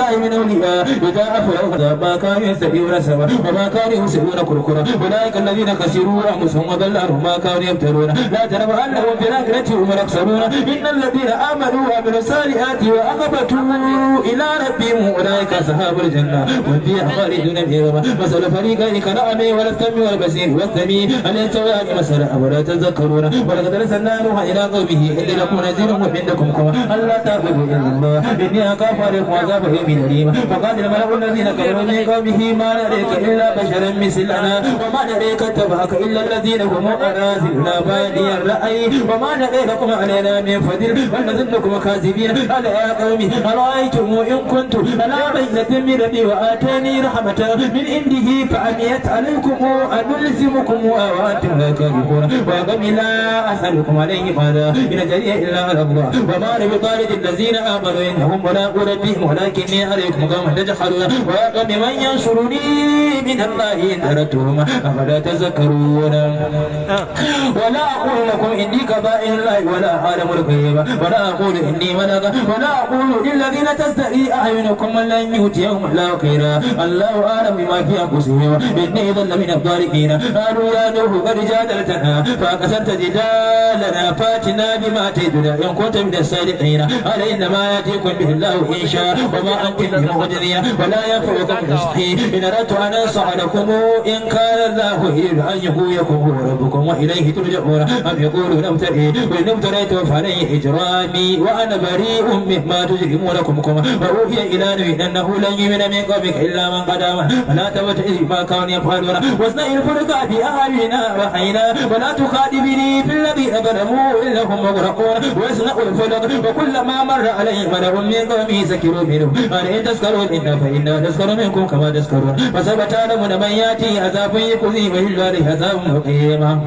الله من أولياء إذا أفعوا ما كانوا يستحيون سوا وما كانوا يمسكون كركرا أولئك الذين خسروا أنفسهم وضل عنهم ما كانوا يبتلون لا ترى أنهم في الآخرة هم الأخسرون إن الذين آمنوا وعملوا الصالحات وأقبتوا إلى ربهم أولئك أصحاب الجنة هم فيها خالدون فيهما مثل فريقين كنعمي والأسلم والبصير والسميع أليس ويعني مثلا ولا تذكرون ولقد أرسلنا نوحا إلى قومه إني لكم نذير مبين لكم الله تعبدوا إلا الله إني أخاف عليكم عذاب من ريما وقال الملأ الذين كفروا من قومه ما نريك إلا بشرا مثلنا وما نريك اتبعك إلا الذين هم أراذلنا بادي الرأي وما نري لكم علينا من فضل ونظنكم كاذبين ألا يا قومي أرأيتم إن كنت على بينة من ربي وآتاني رحمة من عنده فعميت عليكم أنلزمكم وأنتم لا تكرهون وقم لا أسألكم عليه ماذا إن جري إلا على الله وما لبطارد الذين آمنوا إنهم ملاقوا ربهم ولكن إني عليكم كما الله ويقل من ينصرني من الله إن أردتم أفلا تذكرون ولا أقول لكم إني كبائر الله ولا أعلم الغيب ولا أقول إني ملك ولا أقول للذين تزدري أعينكم لن يؤتيهم الله خيرا الله أعلم بما في أنفسهم إني ظل من الظالمين قالوا يا نوح قد جادلتنا فأكثرت جدالنا فاتنا بما تجدنا إن كنت من الصالحين قال إنما يأتيكم به الله إن شاء وما عنك بالقدرية ولا ينفعك نصحي إن أردت أن أنصح لكم إن كان الله يريد أن يهويكم يكون ربكم وإليه ترجعون أم يقولون ابتلي وإن ابتليت فعليه إجرامي وأنا بريء مما تجرمونكم وأوحي إلى نبي أنه لن يؤمن من قومك إلا من قد آمن فلا تبتئس ما كانوا يفعلون واصنع الفرقة بأعيننا وحينا ولا تخاطبني في الذين ظلموا إنهم مغرقون واصنع الفلق وكلما مر عليه ملأ من قومه سكروا منه أن تسكروا إنا فإنا نسكر منكم كما تسكرون فسوف تعلمون من يأتي عذاب يخزيه ويجرى عليه عذاب مقيم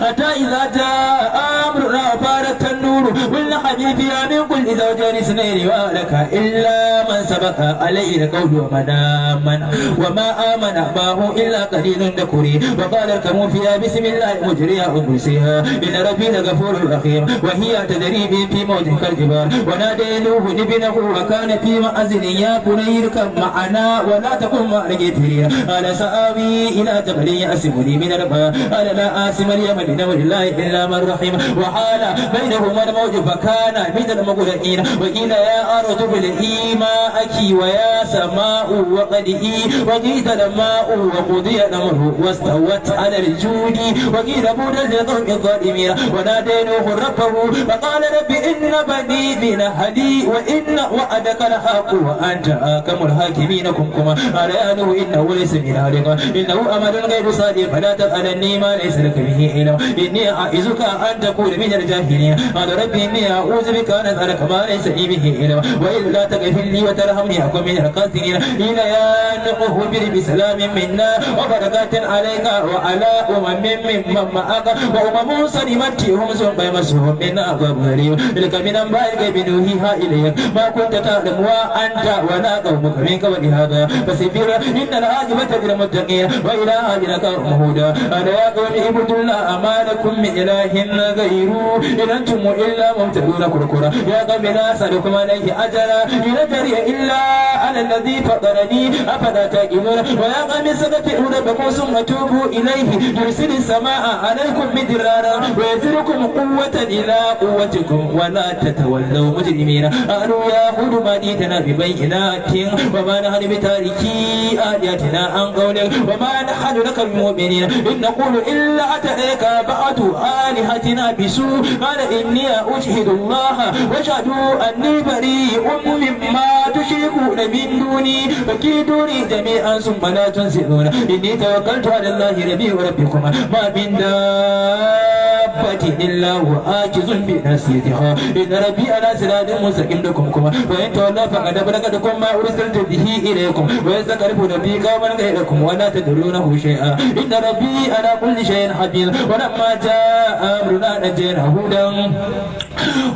حتى إذا جاء أمرنا فارت النور والحديث يا من كل زوجين سنين وأهلك إلا من سبق عليه القول ومن آمن وما آمن أباه إلا قليل ذكري وقال اركبوا فيها بسم الله مجريها ومرسيها إن ربي لغفور رحيم وهي تدري في موج كالجبال ونادى نوح ابنه وكان في ما وأزلي يا بني اركب معنا ولا تقوم مع الجبرية أنا سآوي إلى جبل يأسمني من الماء أنا لا آسم اليوم من أمر الله إلا من رحم وحال بينهما الموج فكان من المغرقين وإلى يا أرض بلئي ماءك ويا سماء وقدئي وقيل الماء وقضي الأمر واستوت على الجود وقيل بودا لقوم الظالمين ونادى نوح ربه فقال رب إن بني من أهلي وإن وعدك الحق وأن جاءكم الحاكمينكم كما قال أنه إنه ليس بذلك إنه أمل غير صادق فلا تسألني ما ليس لك به علم إني أعزك أن تكون من الجاهلين قال ربي إني أعوذ بك أن أسألك ما ليس لي به علم وإلا تغفر لي وترحمني أكون من القاسرين قيل يا نوح اهبر بسلام منا وبركات عليك وعلى أمم ممن معك وأمم سلمتهم ثم يمسهم منا عذاب أليم تلك من أنباء الغيب نوحيها إليك ما كنت تعلم وما أنت ولا قومك من قبل هذا فسبيرا إن العاقبة للمتقين وإلى أجلك مهودا أنا يا قوم اعبدوا الله ما لكم من إله غيره إن أنتم إلا ممتدون كركرا يا قوم لا أسألكم عليه أجرا إن أجري إلا على الذي فطرني أفلا تعقلون ويا قوم استغفروا ربكم ثم توبوا إليه يرسل السماء عليكم مدرارا ويزركم قوة إلى قوتكم ولا تتولوا مجرمين قالوا يا هود ما tana bibai ina kin wa ma na hanu bitariki aliyatina an qawlin wa ma na hanu lakal mu'minina in naqulu illa ataka ba'du alihatina bisu qala inni ushidu allah wa shahdu anni bari'un mimma tushiku da min duni wa kiduni jami'an sun bala tunsiduna inni tawakkaltu ala allah rabbi wa ma bin محبته إلا وآجز بناصيتها إن ربي على صراط مستقيم لكم كما وإن تولى فقد بلغتكم ما أرسلت به إليكم ويستقرب ربي قوما غيركم ولا تدرونه شيئا إن ربي على كل شيء حفيظ ولما جاء أمرنا نجينا هودا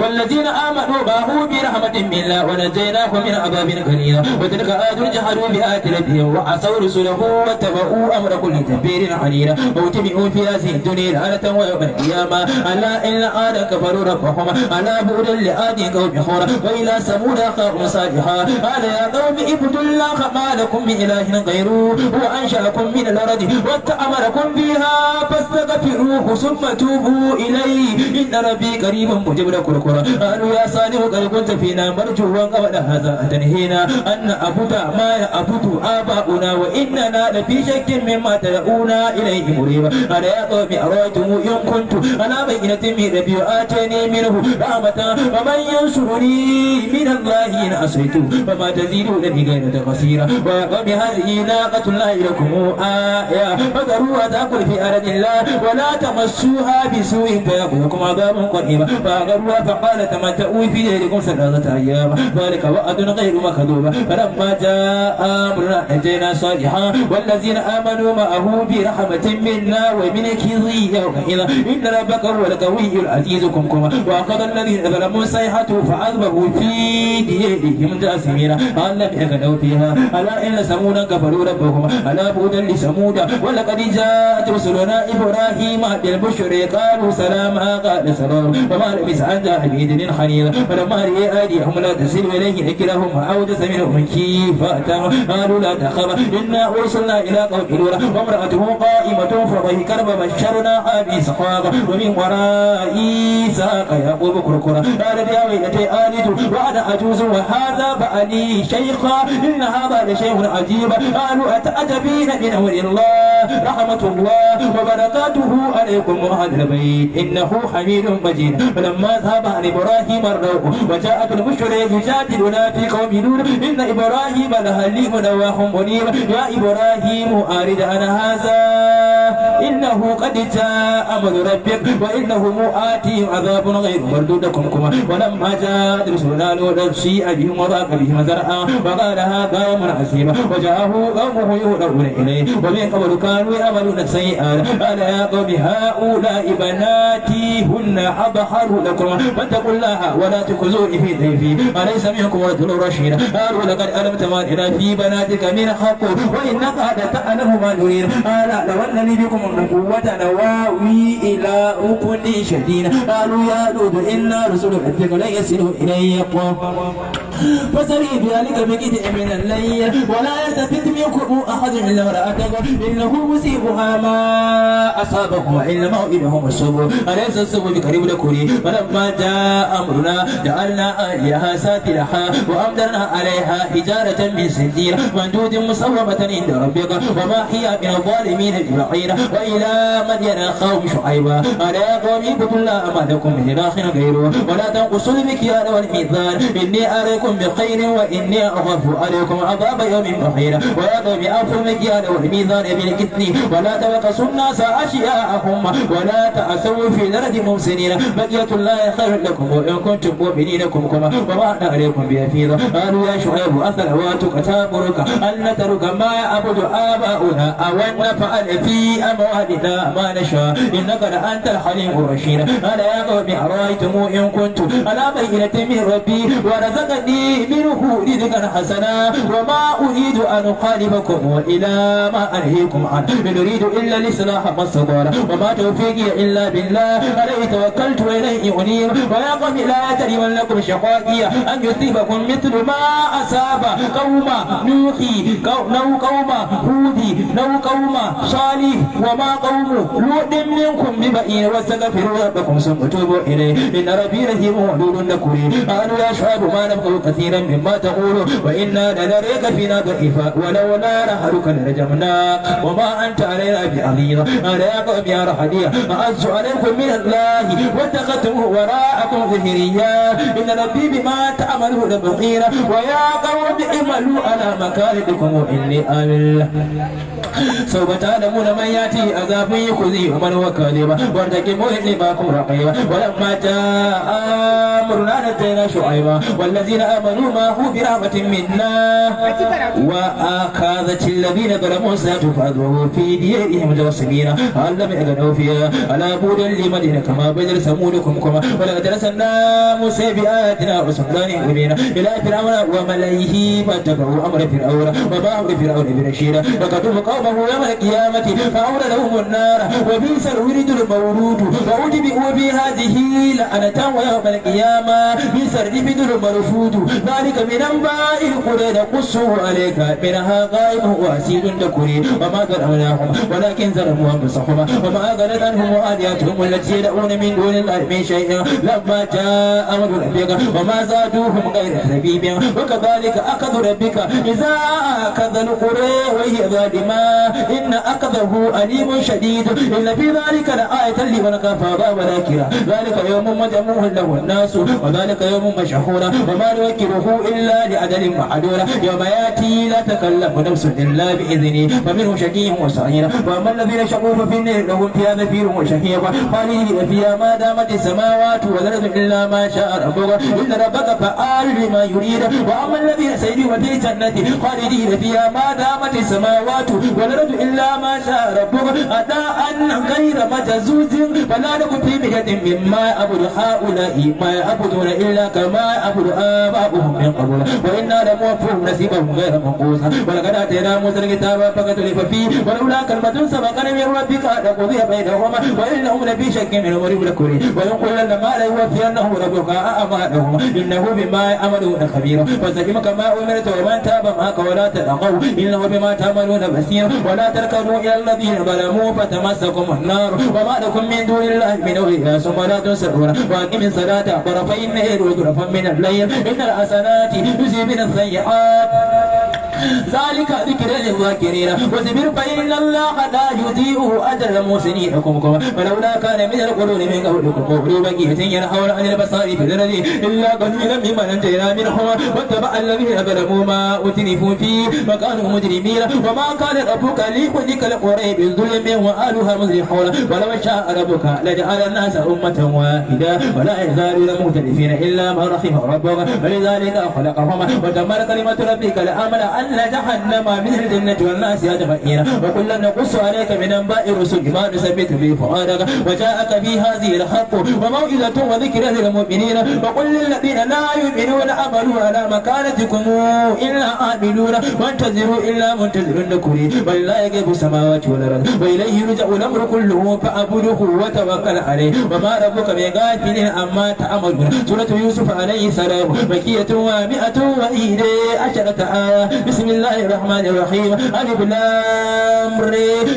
والذين آمنوا معه برحمة الله ونجيناه من عذاب غليظ وتلك آيات جحدوا بآيات ربهم وعصوا رسله واتبعوا أمر كل جبير عليلا واتبعوا في هذه الدنيا لعنة ويوم القيامة سلما ألا إلا آل كفروا ربهم ألا بؤر لآدي قوم حورا وإلى ثمود أخاهم صالحا قال يا قوم اعبدوا الله ما لكم من إله غيره وأنشأكم من الأرض واتأمركم بها فاستغفروه ثم توبوا إليه إن ربي قريب مجيب لكم قالوا يا صالح قد كنت فينا مرجوا قبل هذا تنهينا أن نعبد ما يعبد آباؤنا وإننا لفي شك مما تدعونا إليه مريبا قال يا قوم أرأيتم إن كنت على بينة من ربي آتني منه رحمة ومن ينصرني من الله إن عصيت وما تزيدونني غير تقصيرا ويقوم هذه ناقة الله لكم آية فذروها تأكل في أرض الله ولا تمسوها بسوء فيأخذكم عذاب قريبا فأغروها فقال تمتعوا في ذلكم ثلاثة أيام ذلك وعد غير مكذوب فلما جاء أمرنا نجينا صالحا والذين آمنوا معه برحمة منا ومن كذي يومئذ إن بكر والقوي العزيز كمكم وأخذ الذين ظلموا صيحته فاذبحوا في ديارهم جاسمين أن لم يغنوا فيها ألا إن سمونا كفروا ربهم ألا بودا لسمودا ولقد جاءت رسلنا إبراهيم بالبشر قالوا سلاما قال سلام وما لبس عن ذاهب حنيرا فلما رئي أيديهم لا تسلم إليه إكلهم وأوجس منهم كيفة قالوا لا تخاف إنا أرسلنا إلى قوم لولا وامرأته قائمة فضحكت ابي بإسحاق ومن ورائي ساق يقوم كركرا قال يا ويلتي آلد وأنا أجوز وهذا بألي شيخا إن هذا لشيء عجيب قالوا أتعجبين من أمر الله رحمة الله وبركاته عليكم أهل البيت إنه حميد مجيد فلما ذهب عن إبراهيم الروح وجاءت البشر يجادلنا في قوم نور إن إبراهيم لهليم نواهم منيب يا إبراهيم أرد أنا هذا إنه قد جاء أمر ربي ربي فإنهم آتيهم عذاب غير مردودكم كما ولما جاءت رسولنا لولا شيء بهم وضاق بهم زرعا وقال هذا يوم عسيما وجاءه قومه يولون إليه ومن قبل كانوا يعملون السيئات قال يا قوم هؤلاء بناتي هن أبحر لكم فاتقوا الله ولا تخزوني في ضيفي أليس منكم رجل رشيد قالوا لقد ألمت ما إلى في بناتك من حق وإنك هذا تعلم ما نريد قال لو أنني بكم النبوة نواوي إلى وجزاء كل شهدين قالوا يا لوط إنا رسول ربك لن يصلوا إليك فسري بذلك بكتئ من الليل ولا يلتفت منكم أحد إلا امرأتكم إنه مصيبها ما أصابهم وإن موئلهم الصبر أليس الصبر بقريب لكم فلما جاء أمرنا جعلنا آليها ساترها وأمدرنا عليها حجارة من سجير مندود مصومة عند ربك وما هي من الظالمين ببعير وإلى مدين قوم شعيبا ألا يقوميكم الله أمالكم من غيره ولا تنقصوا المكيال والميزان إني أريكم بخير وإني أخاف عليكم عذاب يوم محيط ويا قوم أوفوا المكيال والميزان بالقسط ولا تبقسوا الناس أشياءهم ولا تأسوا في الأرض مفسدين بقية الله خير لكم وإن كنتم مؤمنينكم كما وما أنا عليكم بحفيظ قالوا يا شعيب أثرواتك تأمرك أن نترك ما يعبد آباؤنا أو أن نفعل في أموالنا ما نشاء إنك لأنت حتى حليم الرشيد ألا يا قوم أرأيتم إن كنت على بينة من ربي ورزقني منه رزقا حسنا وما أريد أن أخالفكم إلى ما أنهيكم عنه إن أريد إلا الإصلاح ما استطعت وما توفيقي إلا بالله عليه توكلت وإليه أنير ويا قومي لا لكم شقائي أن يصيبكم مثل ما أصاب قوم نوحي نو قوم هودي نو قوم صالح وما قوم لؤد منكم ببئي عني واستغفروا ربكم ثم توبوا إليه إن ربي رحيم ودود كريم قالوا يا شعيب ما نفقه كثيرا مما تقول وإنا لنريك فينا ضعيفا ولولا رحلك لرجمناك وما أنت علينا بعظيم أنا يا قوم يا رحلي أعز عليكم من الله واتخذتموه وراءكم ظهريا إن ربي بما تعملون بصيرا ويا قوم اعملوا على مكانتكم إني عامل Sau bata da mu na man yati azabin yi ku zai kuma nawa kane ba wani da kimo ne ba ku rakai ba wani mata amurna da ta yana shu'ai zina amanu ma hu bi rahmatin minna wa a ka za cin labi na garamu sa tu fa zo fi diye ihe mu da wasu mina allah mai ganau fiya ala budan liman ne kama bajar samu da kuma kuma wani na mu sai bi a tina a wasu gani a gumina ila firawuna wa malaihi ba ta bau amurna firawuna ba ba amurna firawuna birashina daga duhu kawo يحسبه يوم القيامة فأولى لهم النار وبئس الورد المورود وأتبئوا بهذه لعنة ويوم القيامة بئس الرفد المرفود ذلك من أنباء القرى نقصه عليك منها غائب واسيد تكري وما ظلمناهم ولكن ظلموا أنفسهم وما أغنت عنهم وآلياتهم التي يدعون من دون الله من شيء لما جاء أمر ربك وما زادوهم غير تبيب وكذلك أخذ ربك إذا أخذ القرى وهي ظالمات إن أخذه أليم شديد إن في ذلك لآية لمن كفر وذاكرة ذلك يوم مجموع له الناس وذلك يوم مشحورة وما نوكله إلا لأجل معلولة يوم يأتي لا تكلم نفس إلا بإذنه فمنه شقي وسعير وأما الذين شقوا ففي النهر لهم فيها نفير وشهيق خالدين فيها ما دامت السماوات والأرض إلا ما شاء ربك إن ربك فعال لما يريد وأما الذين سيدوا في الجنة خالدين فيها ما دامت السماوات والأرض ونرد إلا ما شاء ربك أداء غير مجزوز فلا نكون في مهد مما أبد هؤلاء ما يعبدون إلا كما يعبد آباؤهم من قبل وإنا لموفوهم نسيبهم غير منقوص ولقد آتينا موسى الكتاب فاختلف فيه ولولا كلمة سبق لم يروى بك لقضي بينهما وإنهم لفي شك منه مريب لكري وإن قلنا ما لا يوفينهم ربك أعمالهم إنه بما يعملون خبير فاستقم كما أمرت ومن تاب معك ولا تلقوا إنه بما تعملون بصير ولا تركنوا إلى الذين ظلموا فتمسكم النار وما لكم من دون الله من أولياء ثم لا تنصرون وأقم الصلاة طرفي النهر وطرفا من الليل إن الحسنات يذهبن السيئات ذلك ذكر للذاكرين واصبر فإن الله لا يضيء أجر المحسنين حكمكم ولولا كان من القرون من قبلكم قولوا بقية ينحون عن البصائر في الأرض إلا قليلا مما أنجينا منهم واتبع الذين ظلموا ما أتنفوا فيه وكانوا مجرمين وما كان ربك ليهلك القرى بالظلم وأهلها مصلحون ولو شاء ربك لجعل الناس أمة واحدة ولا يزالون مختلفين إلا من رحم ربك ولذلك خلقهم وتمر كلمة ربك لآمن أهل جهنم من الجنة والناس أجمعين وكلا نقص عليك من أنباء الرسل ما نثبت به فؤادك وجاءك في هذه الحق وموعظة وذكرى للمؤمنين وقل للذين لا يؤمنون أملوا على مكانتكم إلا آمنون وانتظروا إلا منتظرون كري ولله يجب السماوات والأرض وإليه يرجع الأمر كله فأبده وتوكل عليه وما ربك بغافل عما تعملون سورة يوسف عليه السلام مكية ومئة وإيدي عشرة آية بسم الله الرحمن الرحيم ألف لام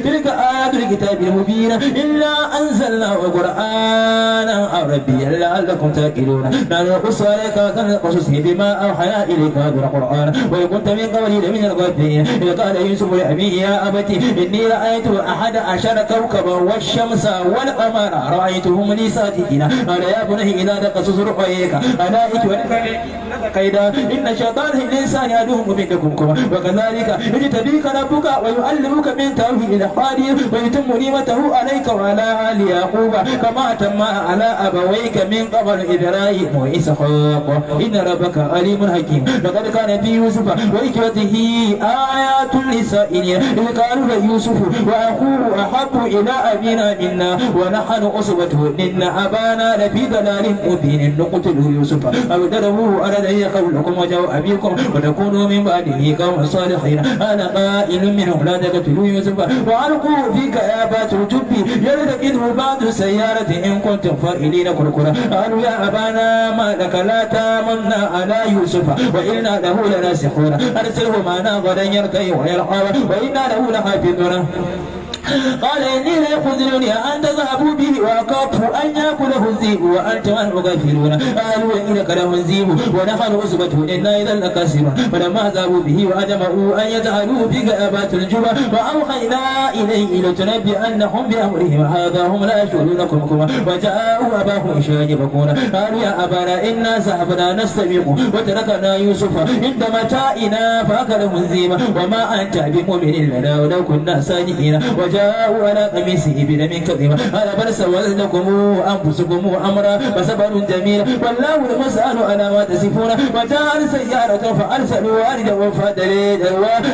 تلك آيات الكتاب المبين إلا أنزلنا قرآنا عربيا لعلكم تأكلون نحن نقص عليك وكان القصص بما أوحي إليك هذا القرآن وإن من قبله من الغافلين إذ قال يوسف لأبيه يا أبتي إني رأيت أحد عشر كوكبا والشمس والقمر رأيتهم لي ساجدين قال يا بني إذا دقت رؤيك أنا إتولك كيدا إن شيطان الإنسان يدوم منكم كما وكذلك يجتبيك ربك ويعلمك من تأويل الأحاديث ويتم نعمته عليك وعلى آل يعقوب كما تم على أبويك من قبل إبراهيم وإسحاق إن ربك عليم حكيم لقد كان في يوسف وإكرته آيات للسائل إذ قالوا ليوسف وأخوه أحب إلى أبينا منا ونحن أصبته إن أبانا لفي ضلال مبين نقتله يوسف أو دره على علي قولكم وجاءوا أبيكم وتكونوا من بعده قوم صالحين أنا قائل منهم لا تقتلوا يوسف وألقوا في كآبات الجب يلتقطه بعض السيارة إن كنتم فائلين كركرا قالوا يا أبانا ما لك لا تامنا على يوسف وإنا له لناسخون أرسله معنا غدا يرتئ ويرحى وإنا له لحافظون قال إني لا يحزنني أن تذهبوا به وأخاف أن يأكله الذئب وأنتم عنه غافلون قالوا إنك لمنزيب ونحن عصبة إنا إذا لكاسرون فلما ذهبوا به وأجمعوا أن يجعلوا بك أبات الجبى وأوحينا إليه لتنبئنهم بأمرهم هذا هم لا يشعرونكم كما وجاءوا أباهم إشاج يبكون قالوا يا أبانا إنا سحبنا نستبق وتركنا يوسف عند متائنا فأكله الذئب وما أنت بمؤمن لنا ولو كنا صادقين وجاءوا على بدم كذب قال بل سولت انفسكم امرا فصبر جميل والله المسأل على ما تصفون وجعل سيارة فارسلوا والدا وفدليل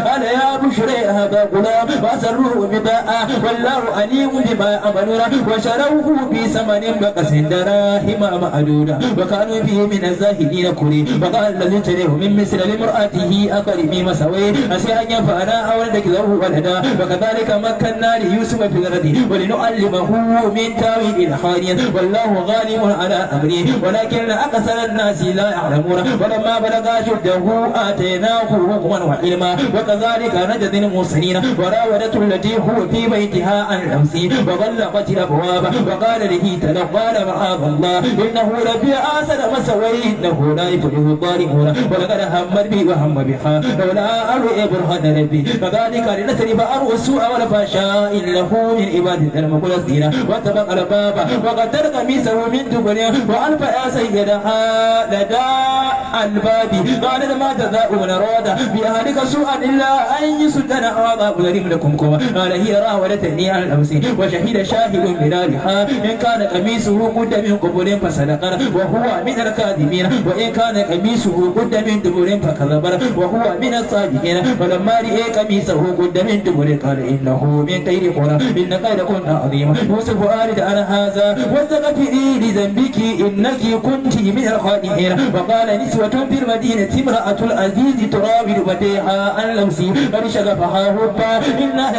قال يا بشرى هذا غلام واسروه بباء والله عليم بما عملنا وشروه بثمن بقس دراهم معدودة وكانوا به من الزاهدين كري وقال الذي اشتريه من مصر لامرأته اكرمي مسوي عسى ان ينفعنا او ولدا وكذلك مكنا يوسف في بالرد ولنعلمه من تاويل الحانية والله غالب على أمره ولكن أكثر الناس لا يعلمون ولما بلغ شده آتيناه حكما وعلما وكذلك نجد المرسلين وراودت التي هو في بيتها عن نفسه وغلقت الأبواب وقال له تلقى معاذ الله إنه لفي آسر ما سويه إنه لا يفلح الظالمون ولقد هم بي وهم بها لولا أرؤي برهان ربي فذلك لنسرف أرؤى السوء والفحشاء له من عباد المقول الدين واتبق الباب وقدر قميصه من دبر وألف يا سيدها لدى الباب قال ما تذاؤون رادا بأهلك سوءا إلا أن يسدن هذا أذرم لكم كما قال هي راودتني عن نفسي وشهد شاهد من نارها إن كان قميصه قد من قبل فصدقر وهو من الكاذبين وإن كان قميصه قد من دبر فكذبر وهو من الصادقين فلما رئي قميصه قد من دبر قال إنه من خيركن إن خيركن عظيم يوسف آرد أنا هذا واستغفري لذنبك إنك كنت من الخائنين وقال نسوة في المدينة امرأة العزيز تراود بديها عن لمسي بل شغفها حبا إنا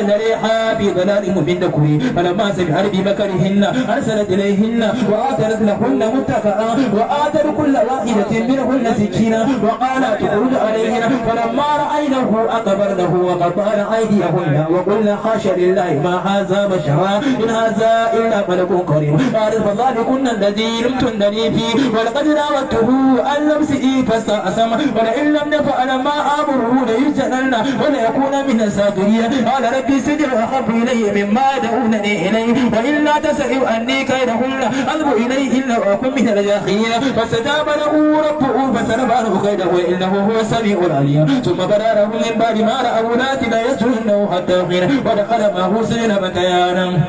في بضلال مبين دكوي فلما سمعت بمكرهن أرسلت إليهن وآتت لهن متكئا وآتت كل واحدة منهن سكينا وقال تخرج عليهن فلما رأينه أكبرنه وقطعن أيديهن وقلنا حاشا لله الله ما هذا بشرا إن هذا إلا ملك كريم قال فذلكن الذي لمتنني فيه ولقد راودته عن نفسه فاستعصم ولئن لم نفعل ما آمره ليسألن وليكون من الساخرين قال ربي سجن أحب إلي مما دعونني إليه وإلا تسأل أني كيدهن أذب إليه إلا أكون من الجاخرين فاستجاب له ربه فسلم عنه كيده إنه هو السميع العليم ثم بدا له من بعد ما رأوا لا يسجنه حتى حين ودخل معه حسين بكيانا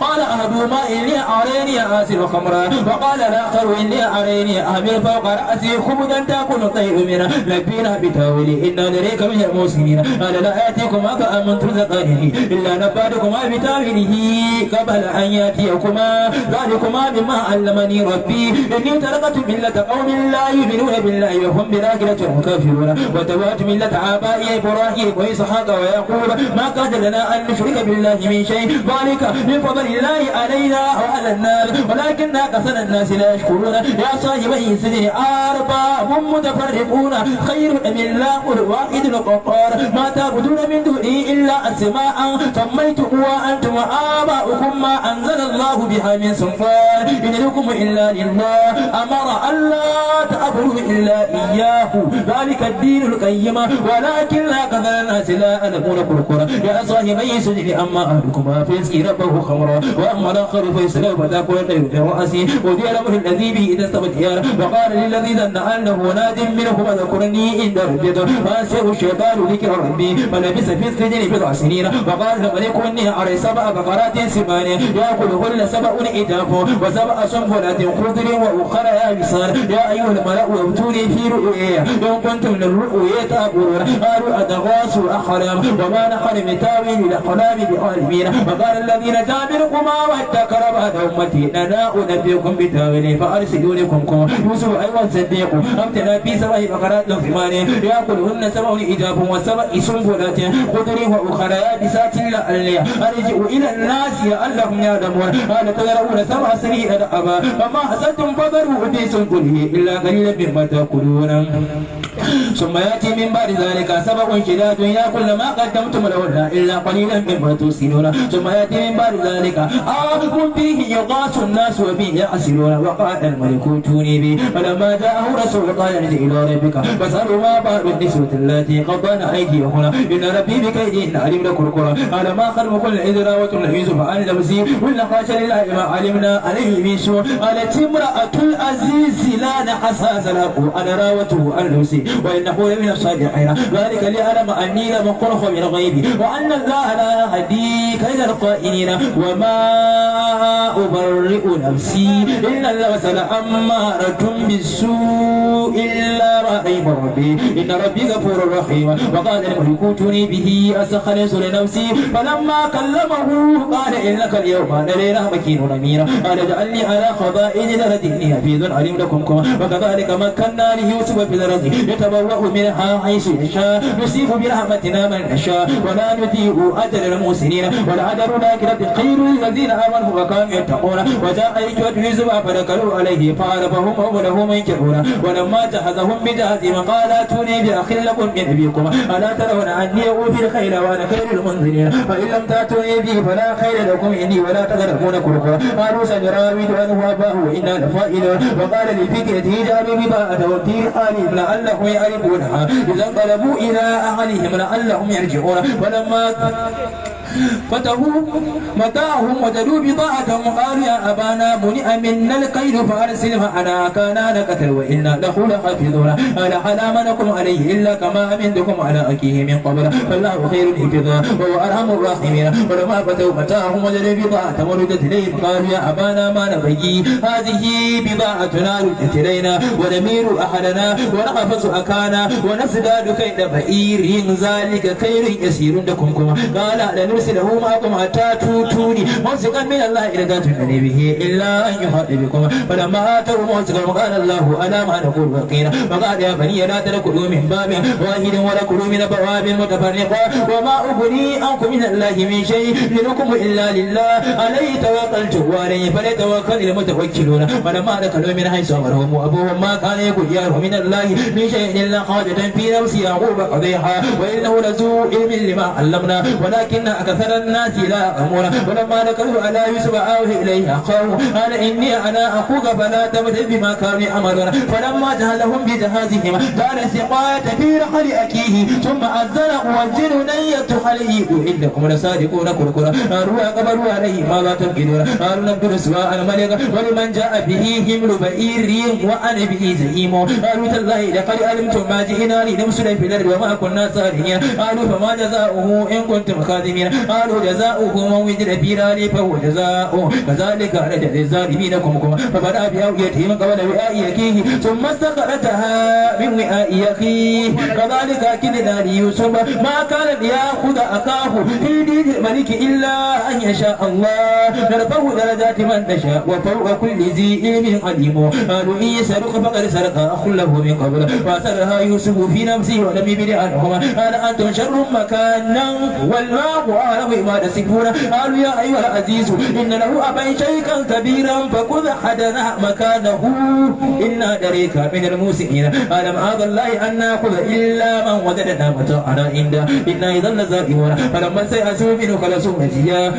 قال أبو ما إني أريني آسل خمرا وقال الآخر إني أريني أمير فوق رأسي خبدا تأكل الطير منه نبينا بتاويله إنا نريك من المسلمين قال لا آتيكما فأمن ترزقانه إلا نفادكما بتاويله قبل أن يأتيكما ذلكما مما علمني ربي إني تركت ملة قوم لا يؤمنون بالله وهم بالآخرة كافرون وتوات ملة آبائي إبراهيم وإسحاق ويعقوب ما كان لنا أن نشرك بالله من شيء ذلك بفضل الله علينا وعلى الناس ولكن أكثر الناس لا يشكرون يا صاحب السجن أرباب متفرقون خير من الله الواحد القهار ما تعبدون من دونه إلا أسماء سميتم وانتم وآباؤكم ما أنزل الله بها من سلطان إن لكم إلا لله أمر ألا تعبدوا إلا إياه ذلك الدين القيم ولكن أكثر الناس لا يعلمون كركرا يا صاحبي السجن أما أهلكما فيزكي ربه خمرا وأما الآخر فيسلم فذاك ويقيم في رأسه وذي له الذي به إذا استوى الخيار فقال للذي ظن أنه ناد منهم أذكرني عند ربك فأسره الشيطان ذكر ربي فلبس في السجن بضع سنين وقال الملك إني أرى سبع بقرات سمان يأكلهن سبع إداف وسبع سنبلات خضر وأخرى يابسان يا أيها الملأ ابتوني في رؤياي إن كنتم الرؤيا تأكلون قالوا أتغاثوا أحلام وما نحن من بتاويل الأحلام بعالمين وقال الذين kafir kuma wata karaba da umati da na una bi kun bi ta ne fa arsilu ne kun ko musu ai wan sabbi ku am ta na bi sabai ba karat lo fimane ya kul hunna sabu ijabun wa sabu isun bulatin qudri wa ukhra ya bi satin la alliya arji ila an ya allah ya adam wa ana tarawuna sabu asri da aba amma hasatun badaru bi sun kulli illa bi mata taquluna ثم يأتي من بعد ذلك سبع شداد يا كل ما قدمتم لهن إلا قليلا مما تحسنون ثم يأتي من بعد ذلك عام فيه يغاث الناس وفيه يعسلون وقال الملك اتوني به فلما جاءه رسول قال ارجع إلى ربك فاسأله ما بال النسوة التي قضان أيديهن إن ربي بكيدهن علم كركرا قال ما خلق كل إذ راوتن فان لم نفسه وإن خاش لله ما علمنا عليه من سوء قالت امرأة العزيز لا نحساس له أنا راوته عن نفسي وإنه لمن الصادقين ذلك لعلم أني لم أقرخ من الغيب وأن الله لا يهدي كيد القائلين وما أبرئ نفسي إن النفس لأمارة بالسوء إلا رحم ربي إن ربي غفور رحيم وقال الملكوتني به أستخلص لنفسي فلما كلمه قال إنك اليوم لدينا مكين أمين قال اجعلني على خبائن ذرتي اني حفيظ عليم لكم وكذلك مكنا ليوسف في ذرته يتبوأ منها حيث نشاء نصيب برحمتنا من نشاء ولا نضيع أجل المحسنين والعذر الآخرة خير الذين آمنوا وكانوا يتقون وجاء الجود حزب فذكروا عليه فعرفهم وله منكرون ولما جهزهم بجهازهم قال اتوني بأخ لكم من أبيكم ألا ترون أني أوفي الخيل وأنا خير المنذرين فإن لم تأتوني به فلا خير لكم إني ولا تظلمون كلكم قالوا سنراود عنه أباه وإنا لفائلون وقال لفتيته جعلوا بما أتوا في آلهم لعله يعرفونها إذا انقلبوا إلى أهلهم لعلهم يرجعون ولما فتهوا متاعهم وجدوا بضاعتهم قالوا يا أبانا منع منا الكيل فأرسل معنا كانا نكتل وإنا له لحافظون قال على ما لكم عليه إلا كما أمنتكم على أكيه من قبل فالله خير الحفظ وهو أرحم الراحمين ولما فتوا متاعهم وجدوا بضاعتهم ردت إليهم قالوا يا أبانا ما نبغي هذه بضاعتنا ردت إلينا ونمير أحدنا ونحفظ أكانا ونزداد كيد بئير ذلك خير يسير لكم قال لنرسل مثلهما قمعتا توتوني ممسكا من الله إلى ذات به إلا أن يحاط بكم فلما آتوا ممسكا وقال الله ألا ما نقول وقينا وقال يا بني لا تدخلوا من باب واحد ولكلوا من بواب متفرقة وما أغني عنكم من الله من شيء منكم إلا لله عليه توكلت وعليه فليتوكل المتوكلون فلما دخلوا من حيث أمرهم وأبوهم ما كان يقول يا من الله من شيء إلا حاجة في نفس يعقوب قضيها وإنه لذو علم لما علمنا ولكن أكثر مثل الناس لا أمور ولما نكروا على يوسف آوه إليها قوم قال إني أنا أخوك فلا تمثل بما كانوا يعملون فلما جهلهم بجهازهم قال سقاية في رحل أكيه ثم أذن مؤذن نية عليه إنكم لصادقون كركرا قالوا قبلوا عليه ما لا تنكرون قالوا نبدل سواء الملك ولمن جاء به حمل بئير وأنا به زعيم قالوا تالله لقد علمتم ما جئنا لنفسد في الأرض وما كنا سارقين قالوا فما جزاؤه إن كنتم خادمين قالوا جزاؤكم من في رالي فهو جزاؤه كذلك نجزي الظالمين كمكم فبدا بها ويتهم قبل وعاء يكيه ثم استقرتها من وعاء يكيه كذلك كدنا ليوسف ما كان ليأخذ أخاه في دين الملك إلا أن يشاء الله نرفه درجات من نشاء وفوق كل ذي علم عليم قالوا إن يسرق فقد سرق أخ له من قبل فأسرها يوسف في نفسه ولم يبن عنهما قال أنتم شر مكانا والله يعلم ما تصفون قالوا يا أيها العزيز إن له أبا شيخا كبيرا فخذ حدنا مكانه إنا دريك من الموسئين ألم آذ الله أن نأخذ إلا من وجدنا متاعنا عنده إنا إذا لزائمون فلما سيأسوا منه خلصوا مجيا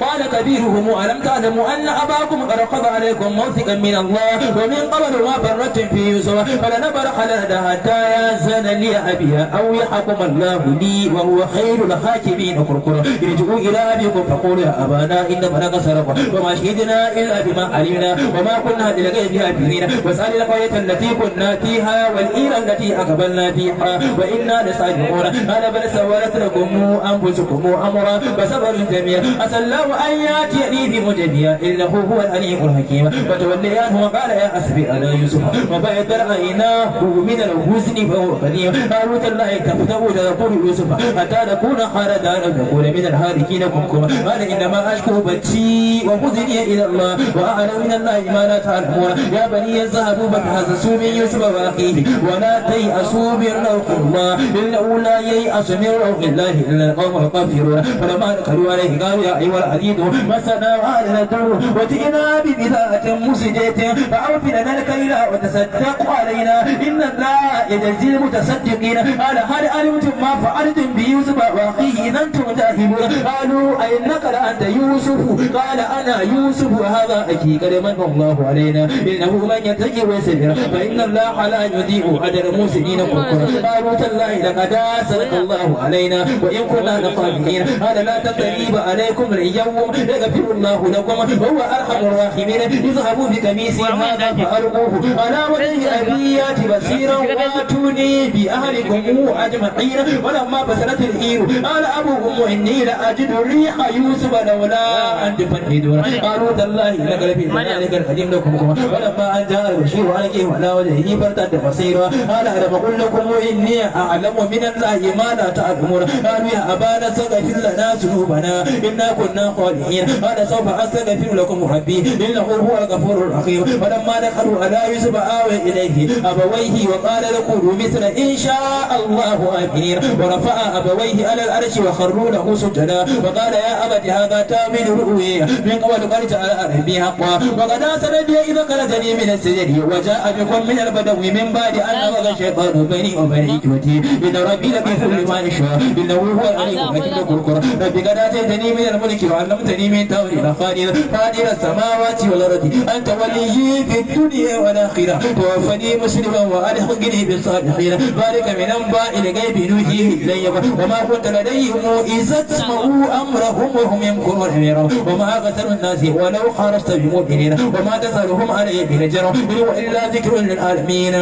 قال كبيرهم ألم تعلموا أن أباكم قد قضى عليكم موثقا من الله ومن قبل ما فرتم في يوسف فلنبرح الأهل حتى يأذن لي أبي أو يحكم الله لي وهو خير الحاكمين كركر ارجعوا إلى أبيكم فقولوا يا أبانا إن بلغ سرقا وما شهدنا إلا بما علمنا وما كنا للغيب حافظين واسأل القرية التي كنا فيها والإيل التي أقبلنا فيها وإنا لصادقون قال بل سولت لكم أنفسكم أمرا فصبر جميل أسأل الله أن يأتيني بمجديا إنه هو الاليم الحكيم وتولي عنه وقال يا أسفي على يوسف وبيض رايناه من الحزن فهو قديم قالوا تالله تفتو تقول يوسف حتى نكون حردا نكون من الهالكين منكم قال إنما أشكو بتي وحزني إلى الله وأعلم من الله ما لا تعلمون يا بني اذهبوا فتحسسوا من يوسف وأخيه ولا تيأسوا من روح الله إنه لا ييأس من روح الله إلا القوم الكافرون فلما دخلوا عليه قالوا يا الحجر والحديد مسنا على الدور وجئنا ببذات مسجة فأوف لنا الكيل وتصدق علينا إن الله يجزي المتصدقين على حال علمتم ما فعلتم بيوسف وأخيه إذ أنتم ذاهبون قالوا أينك أنت يوسف قال أنا يوسف وهذا أخي قد من الله علينا إنه من يتقي ويصبر فإن الله لا يضيع أجر المسلمين كفر قالوا تالله لقد سرق الله علينا وإن كنا لصادقين قال لا تقريب عليكم اليوم يغفر الله لكم وهو أرحم الراحمين اذهبوا بقميصي هذا فألقوه على وجه أبيات بصيرا واتوني بأهلكم أجمعين ولما بصرت الإير قال أبوهم إني لأجد ريح يوسف لولا أن تفندون قالوا تالله لقلبي ذلك القديم لكم ولما أن جاء البشير عليه على وجهه فارتد بصيرا قال ألم أقل لكم إني أعلم من الله ما لا تعلمون قالوا يا أبانا استغفر لنا ذنوبنا إنا كنا كنا خالدين أنا سوف أستغفر لكم ربي إنه هو الغفور الرحيم ولما دخلوا على يوسف آوى إليه أبويه وقال لكم مثل إن شاء الله آمنين ورفع أبويه على العرش وخروا له سجدا وقال يا أبت هذا تامل رؤيا من قبل قد جعل ربي حقا وقد أرسل بي إذا خرجني من السجن وجاء بكم من البدو من بعد أن نضغ الشيطان بيني وبين إخوتي إن ربي لكم كل ما يشاء إنه هو العليم الحكيم ربي قد آتيتني من الملك عليك وعلمتني من تأويل خالد فاطر السماوات والأرض أنت ولي في الدنيا والآخرة توفني مسلما وألحقني بالصالحين ذلك من أنباء الغيب نوحيه إلي وما كنت لديهم إذا تسمعوا أمرهم وهم يمكرون أميرا وما قتلوا الناس ولو خرجت بمؤمنين وما تسألهم عليه بهجرة إلا ذكر للعالمين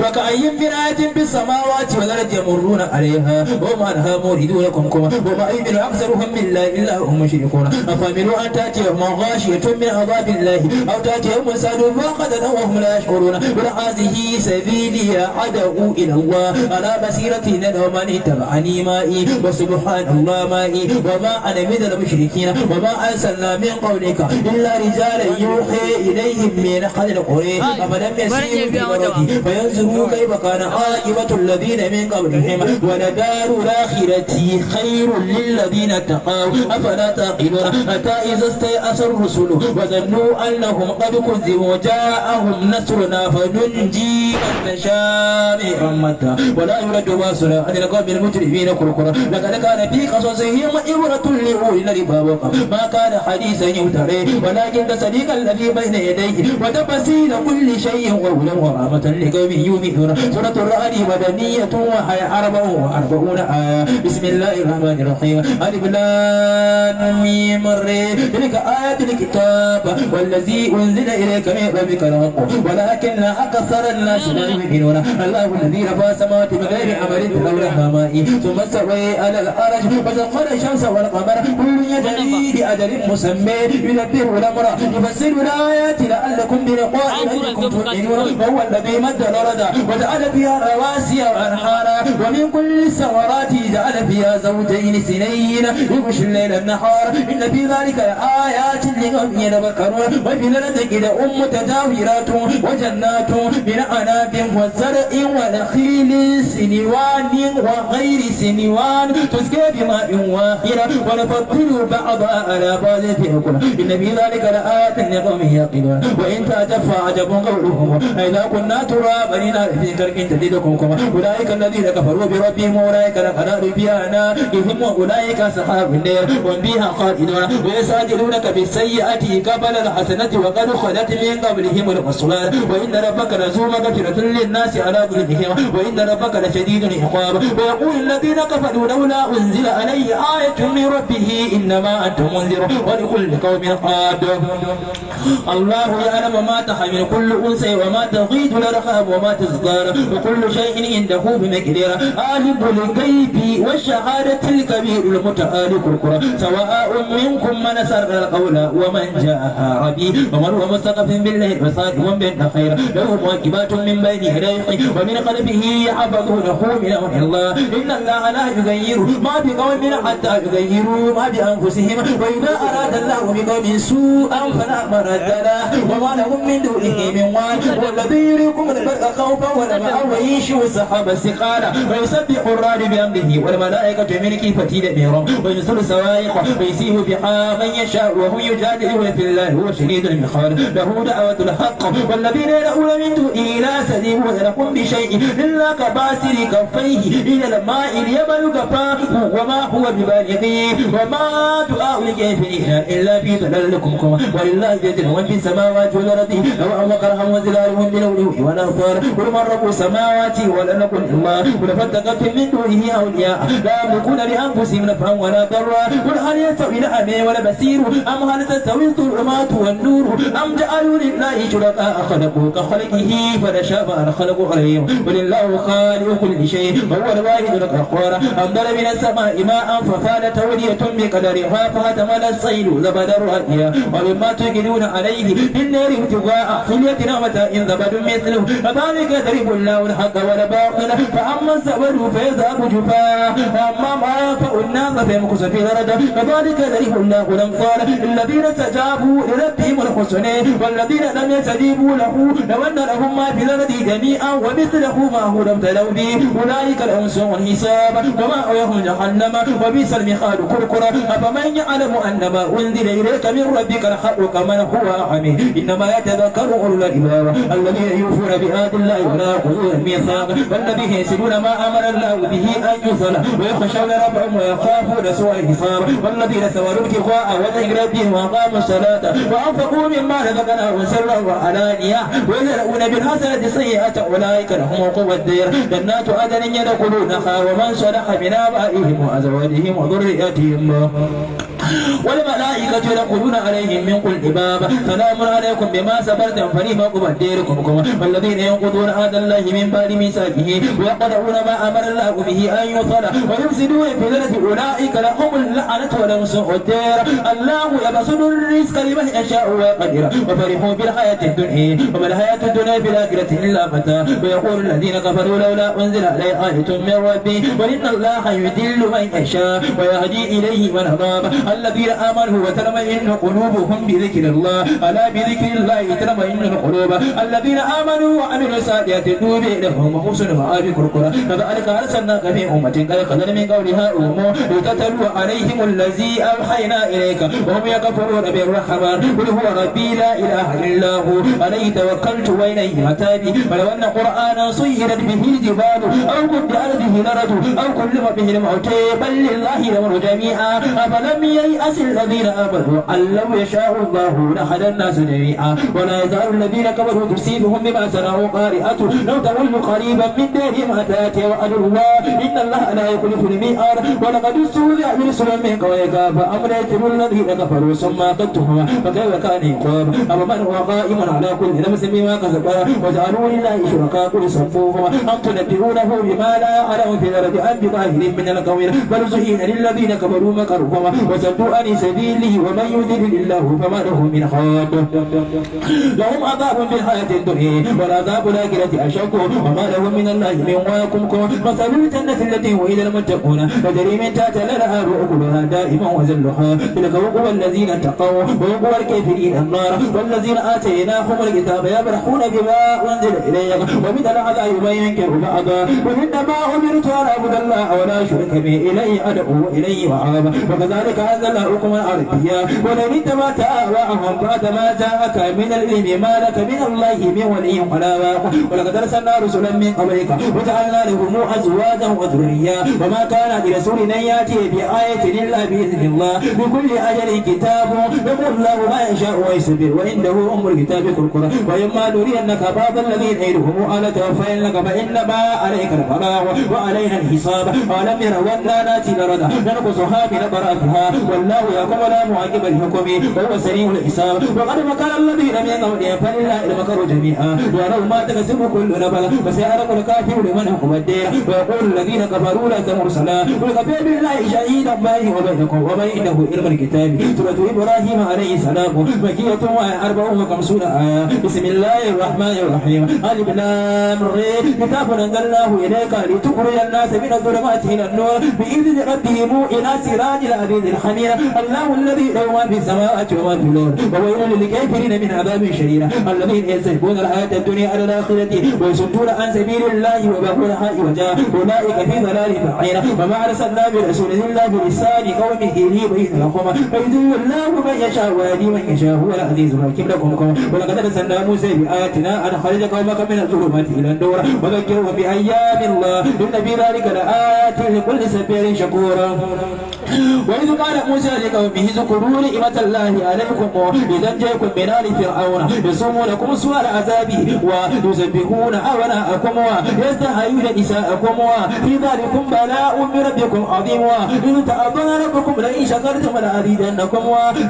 وكأي من آية في السماوات والأرض يمرون عليها وما لها موردون كمكما وما يؤمن أكثرهم بالله إلا هم مشركون أفاملوا أن تأتيهم غاشية من عذاب الله أو تأتيهم السادة وقدرا وهم لا يشعرون قل هذه سبيلي أدعو إلى الله على بصيرة أنا ومن اتبعني مائي وسبحان الله مائي وما أنا من المشركين وما أرسلنا من قولك إلا رجالا يوحي إليهم من خلق القرى أفلم يسيروا في وينظروا كيف كان عاقبة الذين من قبلهم ولدار الآخرة خير للذين اتقوا أفلا تعقلون حتى إذا استيأس الرسل وظنوا أنهم قد كذبوا جاءهم نصرنا فننجي من نشاء من ولا يرد باسنا عن القوم المجرمين كركرا لقد كان في قصصهم عبرة لأولي الألباب ما كان حديثا يفتري ولكن تصديق الذي بين يديه وتفصيل كل شيء وهدى ورحمة لكي به يؤمنون سورة الرعد مدنية وهي أربع وأربعون آية بسم الله الرحمن الرحيم ألف لام ميم ر تلك آيات الكتاب والذي أنزل إليك من ربك الحق ولكن أكثر الناس لا يؤمنون الله الذي رفع السماوات بغير عمل لولاها ماء ثم استوى على الأرش وسخر الشمس والقمر كل يجري بأجل مسمى يدبر الأمر يفسر الآيات لعلكم بلقاء ربكم تؤمنون وهو الذي مد والأرض وجعل فيها رواسي وأنهارا ومن كل الثمرات جعل فيها زوجين سنين يغشي الليل النهار إن في ذلك لآيات لهم يتفكرون وفي الأرض قدع متجاورات وجنات من أناب وزرع ونخيل سنوان وغير سنوان تسقى بماء واحد ونفضل بعضها على بعض في الكل إن في ذلك لآيات لقوم يقلون وإن تعجب فعجب قولهم أئذا كنا تراب بنينا في خلق جديدكم كما أولئك الذين كفروا بربهم أولئك الأنهار في إهم وأولئك أصحاب النار هم بها خالدون ويسادلونك بالسيئة قبل الحسنة وقد خلت من قبلهم الرسلان وإن ربك لذو مغفرة للناس على ظلمهم وإن ربك لشديد العقاب ويقول الذين كفروا لولا أنزل علي آية من ربه إنما أنت منذر ولكل قوم قاد الله يعلم ما تحمل كل أنثى وما تغيد الأرحام وما تصدر وكل شيء عنده بمقدار عالم الغيب والشهادة الكبير المتعال القرى سواء منكم من سر القول ومن جاء به ومن هو مستقف بالله وصائم بين خير له مواكبات من بين يديه ومن خلفه يحفظونه من امر الله ان الله لا يغير ما بقوم حتى يغيروا ما بانفسهم واذا اراد الله بقوم سوءا فلا مرد له وما لهم من دونه من وال والذي يريكم البرق ولا خوفا ولا مأوى ينشئ السحاب السقالة ويسبح الرعد بأمره والملائكة من كيفتي لبيرهم وينزل السوائق ويسيه بها من يشاء وهو يجادل في الله هو شديد المخال له دعوة الحق والذين يدعون من دونه لا يستجيبون لهم بشيء إلا كباسر كفيه إلى الماء ليبلغ فاقه وما هو ببالغه وما دعاء الكافرين إلا في ضلالكم ولله يدعون في السماوات والأرض لو أمكرهم وزلالهم بلوله والأنصار الأبصار ولمن رب السماوات والأرض قل الله ولفتقتم من دونه أولياء لا يكون لأنفسهم نفعا ولا ضرا قل هل يستوي الأعمى ولا بصير أم هل تستوي الظلمات والنور أم جعلوا لله شركاء خلقوا كخلقه فتشابه الخلق عليهم ولله خالق كل شيء وهو الواحد القهار أنزل من السماء ماء ففانت تولية بقدرها فهتمل السيل زبد الرأي ومما تجدون عليه في النار ابتغاء حلية ومتاع زبد مثله كذلك يضرب الله الحق والباطل فأما الزبر فيذهب جفاء أما ما ينفع الناس فيمكث في الأرض كذلك يضرب الله الأمثال الذين استجابوا لربهم الحسن والذين لم يستجيبوا له لو أن لهم ما في الأرض جميعا ومثله ما هو لم تلوا به أولئك لهم سوء الحساب وما ومأواهم جهنم وبئس المخال كركرا أفمن يعلم أن ما أنزل إليك من ربك الحق كمن هو أعمي إنما يتذكر أولو الألباب الذين يوفون بها ميثاق لا يلاقوه ميثاق والذي يهسلون ما أمر الله به أن يصل ويخشون ربهم ويخافون سوء الحساب والذين ثمروا ابتغاء وجه ربهم وأقاموا الصلاة وأنفقوا مما رزقناهم سرا وعلانية ويدرؤون بالحسنة السيئة أولئك لهم قوة الدير جنات عدن يدخلونها ومن صلح من آبائهم وأزواجهم وذريتهم والملائكة يدخلون عليهم من كل باب سلام عليكم بما صبرتم فنعم عقبى ديركم والذين ينقضون عهد الله من بعد ميثاقه ويقطعون ما أمر الله به أن يوصل ويفسدون في الأرض أولئك لهم اللعنة ولهم سوء الدار الله يبسط الرزق لمن يشاء ويقدر وفرحوا بالحياة الدنيا وما الحياة الدنيا في الآخرة إلا متى ويقول الذين كفروا لولا أنزل علي آية من ربي وإن الله يدل من يشاء ويهدي إليه من أناب الذين آمنوا وتطمئن قلوبهم بذكر الله ألا بذكر الله تطمئن القلوب الذين آمنوا وعملوا الصالحات توب إليهم وحسن مآب كركرة كذلك أرسلناك في أمة قد خلت من قولها أم لتتلو عليهم الذي أوحينا إليك وهم يكفرون بالرحمن قل هو ربي لا إله إلا هو عليه توكلت وإليه متابي ولو أن قرآنا سيرت به الجبال أو قد به نرد أو كلم به الموت بل لله الأمر جميعا أفلم ييأس الذين آمنوا أن لو يشاء الله لحد الناس جميعا ولا يزال الذين كفروا تصيبهم بما صنعوا قارئة لو تول قريبا من دارهم أتاك وأجر الله إن الله لا يخلف الميعاد ولقد استهزئ برسلا من قبلك فأمر يتبع الذين كفروا ثم قدتهم فكيف كان عقاب أفمن هو قائم على كل نفس بما كسب وجعلوا لله شركاء كل صفوهم أم تنبئونه بما لا يعلم في الأرض أم بظاهر من القول بل زهين للذين كفروا مكرهم وصدوا عن سبيله ومن يذل الله فما له من خاط لهم عذاب في الحياة الدنيا والعذاب الآخرة أشد وما لهم من الله من واقم مثل الجنة التي وإلى المتقون تجري من تحت لها أكلها دائما وزلها تلك وقوى الذين اتقوا ووقوى الكافرين النار والذين آتيناهم الكتاب يفرحون بما أنزل إليك ومن العذاب ما ينكر بعضا وإنما أمرت أن أعبد الله ولا أشرك به إليه أدعو إليه وعاب وكذلك أنزل حكما عربيا ولئن اتبعت أهواءهم بعد ما جاءك من العلم ما لك من الله من ولي ولا واق ولقد أرسلنا رسلا من قبلك وجعلنا لهم أزواجا وذرية وما كان لرسول أن يأتي بآية إلا بإذن الله بكل أجل كتاب يقول له ما يشاء ويسبر وعنده أم الكتاب في القرى وإما نرينك بعض الذين نعيدهم أو نتوفينك فإنما عليك البلاغ وعلينا الحساب ألم يروا أنا ناتي الأرض ننقصها من بركها والله يحكم ولا معاقب الحكم وهو سريع الحساب وقد مكر الذين من قبلهم فلله المكر جميعا ولو ما تكسب كل نبل فسيعلم الكافر لمن حكم الدير ويقول الذين كفروا لا مرسلا قل كفى بالله شهيدا بيني وبينكم وبينه علم الكتاب سورة إبراهيم عليه السلام مكية أربع وخمسون آية بسم الله الرحمن الرحيم ألف لام كتاب أنزلناه إليك لتخرج الناس من الظلمات إلى النور بإذن ربهم إلى سراج العزيز الحميد العالمين الله الذي له في السماوات الارض وويل للكافرين من عذاب شديد الذين يستحبون الحياة الدنيا على الآخرة ويصدون عن سبيل الله وبغونها وجاء أولئك في ضلال بعير وما أرسلنا برسول إلا بلسان قومه ليبين لهم فيدعو الله من يشاء ويهدي من يشاء هو العزيز الحكيم لكم ولقد أرسلنا موسى بآياتنا أن خرج قومك من الظلمات إلى النور وذكرهم بأيام الله إن في ذلك لآيات لكل سبيل شكورا وإذ قال musa ne kan bihi zukuru ni imatallahi alaikum wa fir'auna yusumuna kum suwar azabi wa yuzabihuna awana akum wa yastahayuna isa akum wa fi dhalikum bala'un min rabbikum adhim wa in ta'adana rabbukum la in shakartum da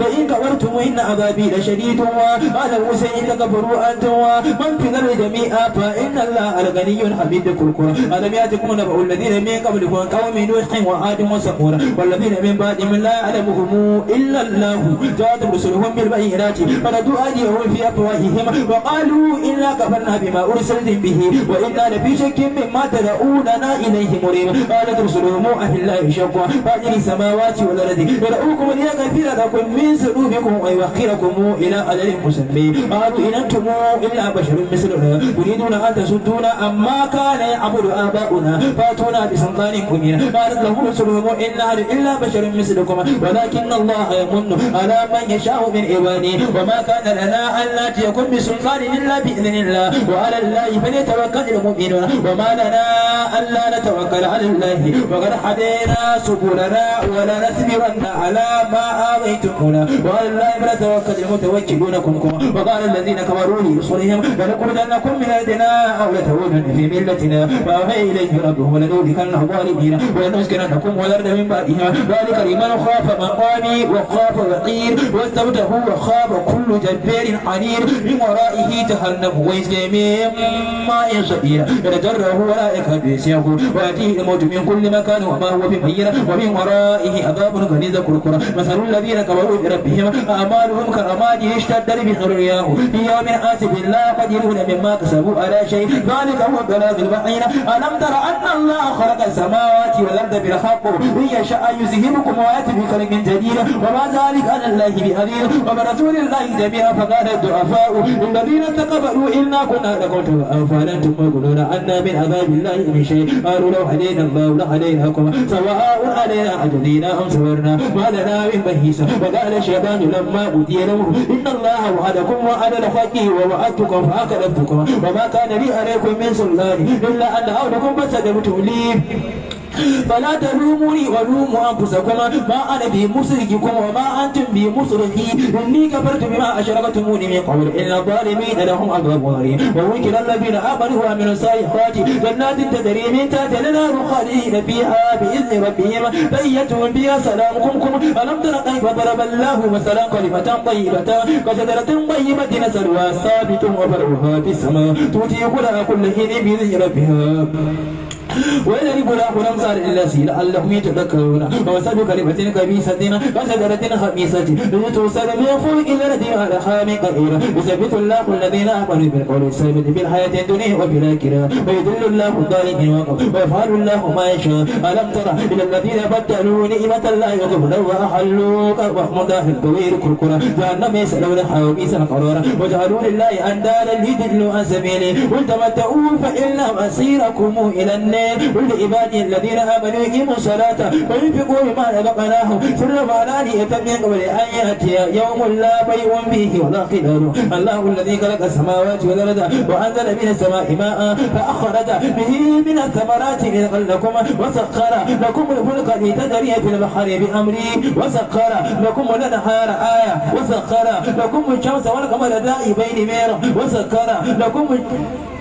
in kawartum inna azabi jami'a fa inna allaha al-ghaniyyun hamidukum kur alam yatikum nabu alladhina min qablikum qawmi nuuhin wa adim wa يعلمهم إلا الله جاءت رسلهم بالبينات فردوا أيديهم في أفواههم وقالوا إنا كفرنا بما أرسلتم به وإنا لفي شك مما تدعوننا إليه مريب قالت رسلهم أهل الله شقا فأجل السماوات والأرض يدعوكم ليغفر لكم من سلوبكم ويوخركم إلى أجل مسمى قالوا إن أنتم إلا بشر مثلنا تريدون أن تصدونا عما كان يعبد آباؤنا فأتونا بسلطان مبين قالت لهم رسلهم إن أنا إلا بشر مثلكم ولكن الله يمن على من يشاء من عباده وما كان لنا أن ناتيكم بسلطان إلا بإذن الله وعلى الله فليتوكل المؤمنون وما لنا أن لا نتوكل على الله وقد حدينا سبلنا ولا نثبرن على ما آويتمونا وعلى الله فليتوكل المتوكلون كلكم وقال الذين كفروا لرسلهم لنقولنكم من أدنى أو لتعودن في ملتنا فأوحي إليه ربه لنولكن ظالمين ولنسكننكم والأرض من بعدها ذلك لمن خاف خاف مقامي وخاف وقير وزوده وخاف كل جبار عنير من ورائه جهنم ويسمي ماء شهير يتجره ولا يكبسه ويأتيه الموت من كل مكان وما هو بمهير ومن ورائه عذاب غليظ كركرة مثل الذين كفروا بربهم أعمالهم كرماد اشتد به رياه في يوم حاسب لا قدرون مما كسبوا على شيء ذلك هو الضلال البعيد ألم تر أن الله خلق السماوات والأرض بالحق إن يشاء يذهبكم ويأتي بخلق جديد وما ذلك على الله بعزيز وبرسول الله جميعا فقال الضعفاء الذين تقبلوا إنا كنا لكم تبعا فأنتم يقولون عنا من عذاب الله من شيء قالوا لو علينا الله لعليناكم سواء علينا أجزينا أم صبرنا ما لنا من بهيس وقال الشيطان لما أوتي نوح إن الله وعدكم وعد لحقه ووعدتكم فأخلفتكم وما كان لي عليكم من سلطان إلا أن أولكم فسلمتم لي فلا تلوموني ولوموا أنفسكم ما أنا بمسرككم وما أنتم بمسركي إني كفرت بما أشركتموني من قبل إن الظالمين لهم عذاب غليظ ووكل الذين آمنوا وامنوا الصالحات جنات تدري من تحتها الأنهار خالدين فيها بإذن ربهم تحيتهم بها سلامكم كمكم ألم تر كيف ضرب الله مثلا كلمة طيبة كشجرة طيبة نسلها ثابت وفرعها في السماء تؤتي كلها كل حين بإذن ربها ويجرب له الأمثال للذين لعلهم يتذكرون وسبب كلمة خبيثة كشجرة خبيثة لتؤسد من فوق الذين على خام قعيرة يثبت الله الذين آمنوا بالقول الثابت في الحياة الدنيا وفي الآخرة ويذل الله الظالمين ويفعل الله ما يشاء ألم ترى إلى الذين بدلوا نعمة الله يغفر وأحلوا وهم داخل طويل كركرة جهنم يسألون حوابيس قرارا وجعلوا لله أندالا ليدلوا عن سبيله قل تمتعوا فإن مسيركم إلى النار ولعباده الذين آمنوا يقيموا الصلاة وينفقوا مما رزقناهم سرا وعلانية من قبل أن يأتي يوم لا بيع فيه ولا خلال الله الذي خلق السماوات والأرض وأنزل من السماء ماء فأخرج به من الثمرات رزقا لكم وسخر لكم الفلك لتجري في البحر بأمره وسخر لكم الأنهار آية وسخر لكم الشمس والقمر دائبين ميرا وسخر لكم الشمس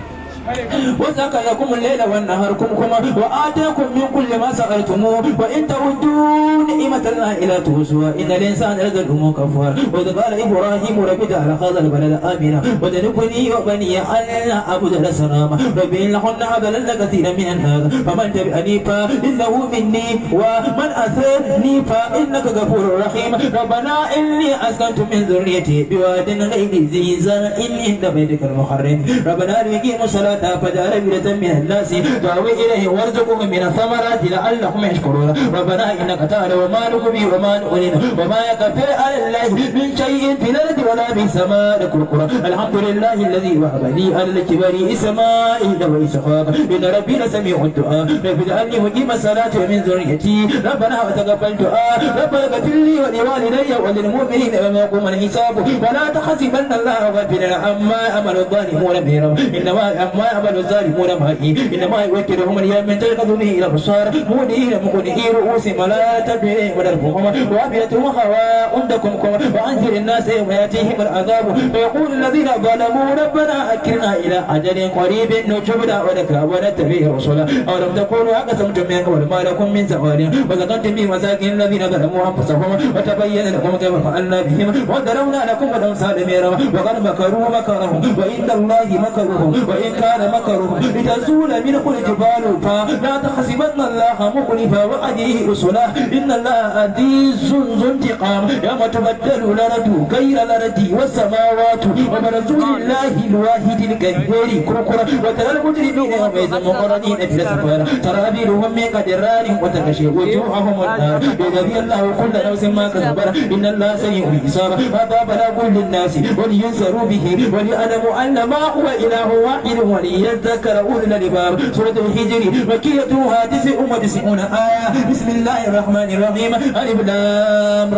وزك الليل والنهار كم كما وآتاكم من كل ما سألتموه وإن تعدوا نعمة الله إلى تحصوها إن الإنسان لظلم كفار وإذ قال إبراهيم رب دار هذا البلد آمنا وجنبني وبني أن أعبد الأصنام رب إنهن أضللن كثيرا من هذا فمن تبعني فإنه مني ومن أثرني فإنك غفور رحيم ربنا إني أسكنت من ذريتي بواد غير ذي زرع عند بيتك المحرم ربنا ليقيموا الصلاة فأتى فجعل فئة من الناس دعوا إليه وارزقهم من الثمرات لعلهم يشكرون ربنا إنك تعالى وما نقبي وما نؤلن وما يكفي على الله من شيء في الأرض ولا في السماء لكل الحمد لله الذي وهب لي على الكبر إسماعيل وإسحاق إن ربي لسميع الدعاء فاجعلني مقيم الصلاة ومن ذريتي ربنا وتقبل دعاء ربنا اغفر لي ولوالدي وللمؤمنين يوم يقوم الحساب ولا تحسبن الله غافلا عما أمل الظالمون بهم إنما أمل وما يعمل الظالمون معه إنما يوكلهم اليوم تيقظه إلى البصار مولين مقنئي رؤوسهم ولا تدبير ودربهم وأبيتهم هواء دكمكم وأنذر الناس يوم يأتيهم العذاب فيقول الذين ظلموا ربنا أكرنا إلى أجل قريب نجب دعوتك ونتبع الرسل أولم تكونوا أقسمتم من قبل ما لكم من زوال وسكنتم في مساكن الذين ظلموا أنفسهم وتبين لكم كيف فعلنا بهم وضربنا لكم الأمثال ميرا وقد مكروا مكرهم وإن الله مكرهم وإن كان كان مكره لتزول منه الجبال فلا تحسبن الله مخلف وعديه رسله إن الله عزيز ذو انتقام يوم تبدل الأرض غير الأرض والسماوات وبرزوا لله الواحد القهار كركرا وترى المجرمين يومئذ مقرنين في الأسفار ترى أبيرهم من قدران وتكشي وجوههم النار يجزي الله كل نفس ما كسبت إن الله سريع الحساب هذا بلاغ للناس ولينذروا به وليعلموا أن ما هو إله واحد هو وليذكر أولي الألباب سورة الحجر مكيتها تسع وتسعون آية بسم الله الرحمن الرحيم ألف لام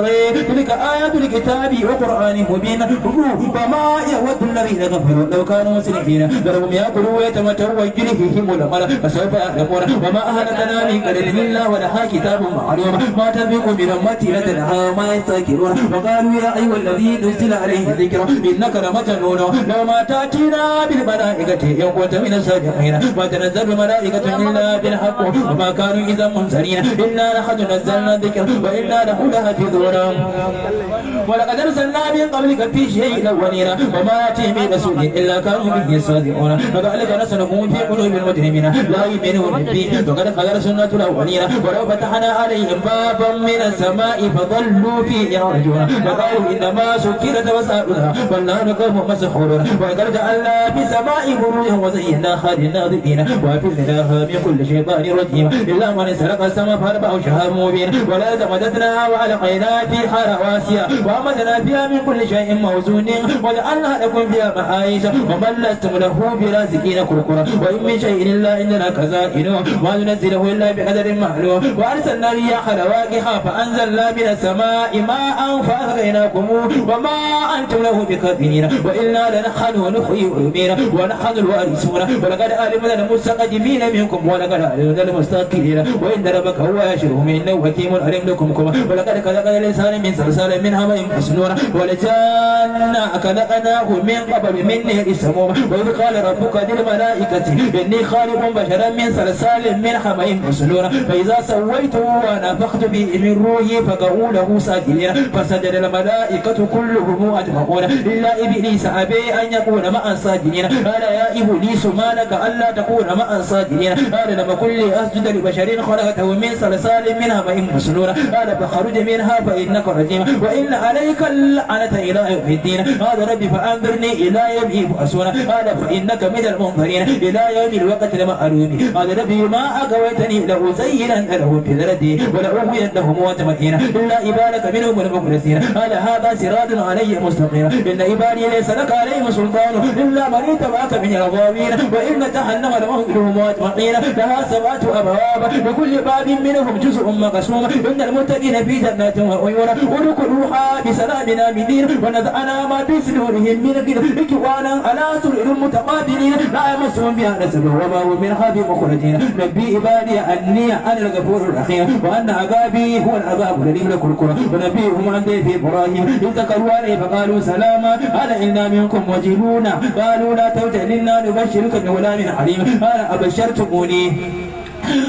تلك آيات الكتاب وقرآن مبين ربما يود الذين كفروا لو كانوا مسلمين ذرهم يأكلوا ويتمتعوا ويجريهم الأمل فسوف يعلمون وما أهلكنا من قرية إلا ولها كتاب معلوم ما تسبق من أمتي لتنها وما يستكبرون وقالوا يا أيها الذي نزل عليه الذكر إنك لمجنون لو ما تأتينا بالملائكة يوم وتنزل بأمرنا وتنزل الملائكة إلا بالحق وما كانوا إذا منزلين إنا نحن نزلنا الذكر وإنا له لحافظون ولقد أرسلنا من قبلك في شيء الأولين وما آتيه من رسول إلا كانوا به يستهزئون فذلك نسلكه في قلوب المجرمين لا يؤمنون به وقد خلت سنة الأولين ولو فتحنا عليهم بابا من السماء فظلوا فيه يرجون وقالوا إنما سكرت وسائلنا والنار قوم مسحورون وقد جعلنا في السماء بروجا وزيناها للناظرين وحفظناها من كل شيطان رجيم إلا من سرق السماء فأربعه شهر مبين ولا زمدتنا في فيها رواسيا وأمدنا فيها من كل شيء موزون وجعلنا لكم فيها معايش ومن لستم له برازقين كركرا وإن من شيء إلا اننا كزائنه ما ننزله إلا بقدر معلوم وأرسلنا رياح رواقها فأنزلنا من السماء ماء فأسقيناكم وما أنتم له بكافرين وإنا لنحن ونحيي ويمين ونحن الوارثين منصورا ولقد علمنا المستقدمين منكم ولقد علمنا المستقدمين وإن ربك هو يشرهم إنه حكيم عليم لكم كما ولقد خلقنا الإنسان من صلصال من حمل مسنون ولجانا خلقناه من قبل من نهر السموم وإذ قال ربك للملائكة إني خالق بشرا من صلصال من حمل مسنون فإذا سويته ونفخت به من روحي فقعوا له ساجدين فسجد الملائكة كلهم أجمعون إلا إبليس أبي أن يكون مع الساجدين قال يا إبليس ما لك ألا تكون مع الصادقين قال لما كل أسجد لبشرين خلقته من صلصال من ماء مسنون قال فخرج منها فإنك رجيم وإن عليك اللعنة إلى يوم الدين قال ربي فأنظرني إلى يوم أسونا قال فإنك من المنظرين إلى يوم الوقت لما المعلوم قال ربي ما أقويتني أغويتني زينا له في ذردي الأرض ولأغوينهم وتمكينا إلا إبالك منهم المخلصين قال هذا سراد علي مستقيم إن عبادي ليس لك عليهم سلطان إلا من اتبعك من الغاوي العالمين وإن جهنم لمهلهم وقيل لها سبعة أبواب وكل باب منهم جزء مقسوم إن المتقين في جنات وعيون ودخلوها من دين ونزعنا ما في صدورهم من غير إكوانا على سرر متقابلين لا يمسهم بها نسب وما هم منها بمخرجين نبي عبادي أني أنا الغفور الرحيم وأن عذابي هو العذاب الذي لك الكرة ونبيهم عن ضيف إبراهيم إذ ذكروا عليه فقالوا سلاما على إنا منكم وجلونا قالوا لا توجه لنا gashi rika da wani min alim ana abashar tuguni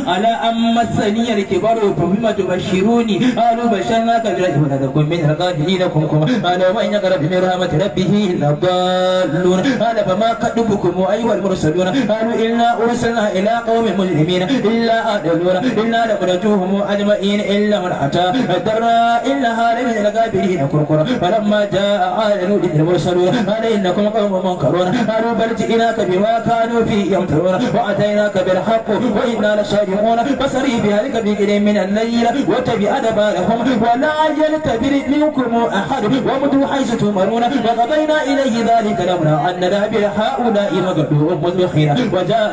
على أما السنية الكبار فبما تبشروني قالوا بشرناك برجل ولا تكن من الغافلين كمكم ألا وإنك رب من رحمة ربه إلا ضالون قال فما قدبكم أيها المرسلون قالوا إلا أرسلنا إلى قوم مجرمين إلا أدلون إلا لبرجوهم أجمعين إلا من أتى الدراء إلا هارب من الغافلين كركر فلما جاء آل نور المرسلون قال إنكم قوم منكرون قالوا بل جئناك بما كانوا فيه يمترون وأتيناك بالحق وإنا الشارعون بصري بهلك بجل من الليل واتبع أدبارهم ولا يلتبر منكم أحد ومدوا حيث تمرون وقضينا إليه ذلك الأمر أن دابر هؤلاء مغلوب مذبخين وجاء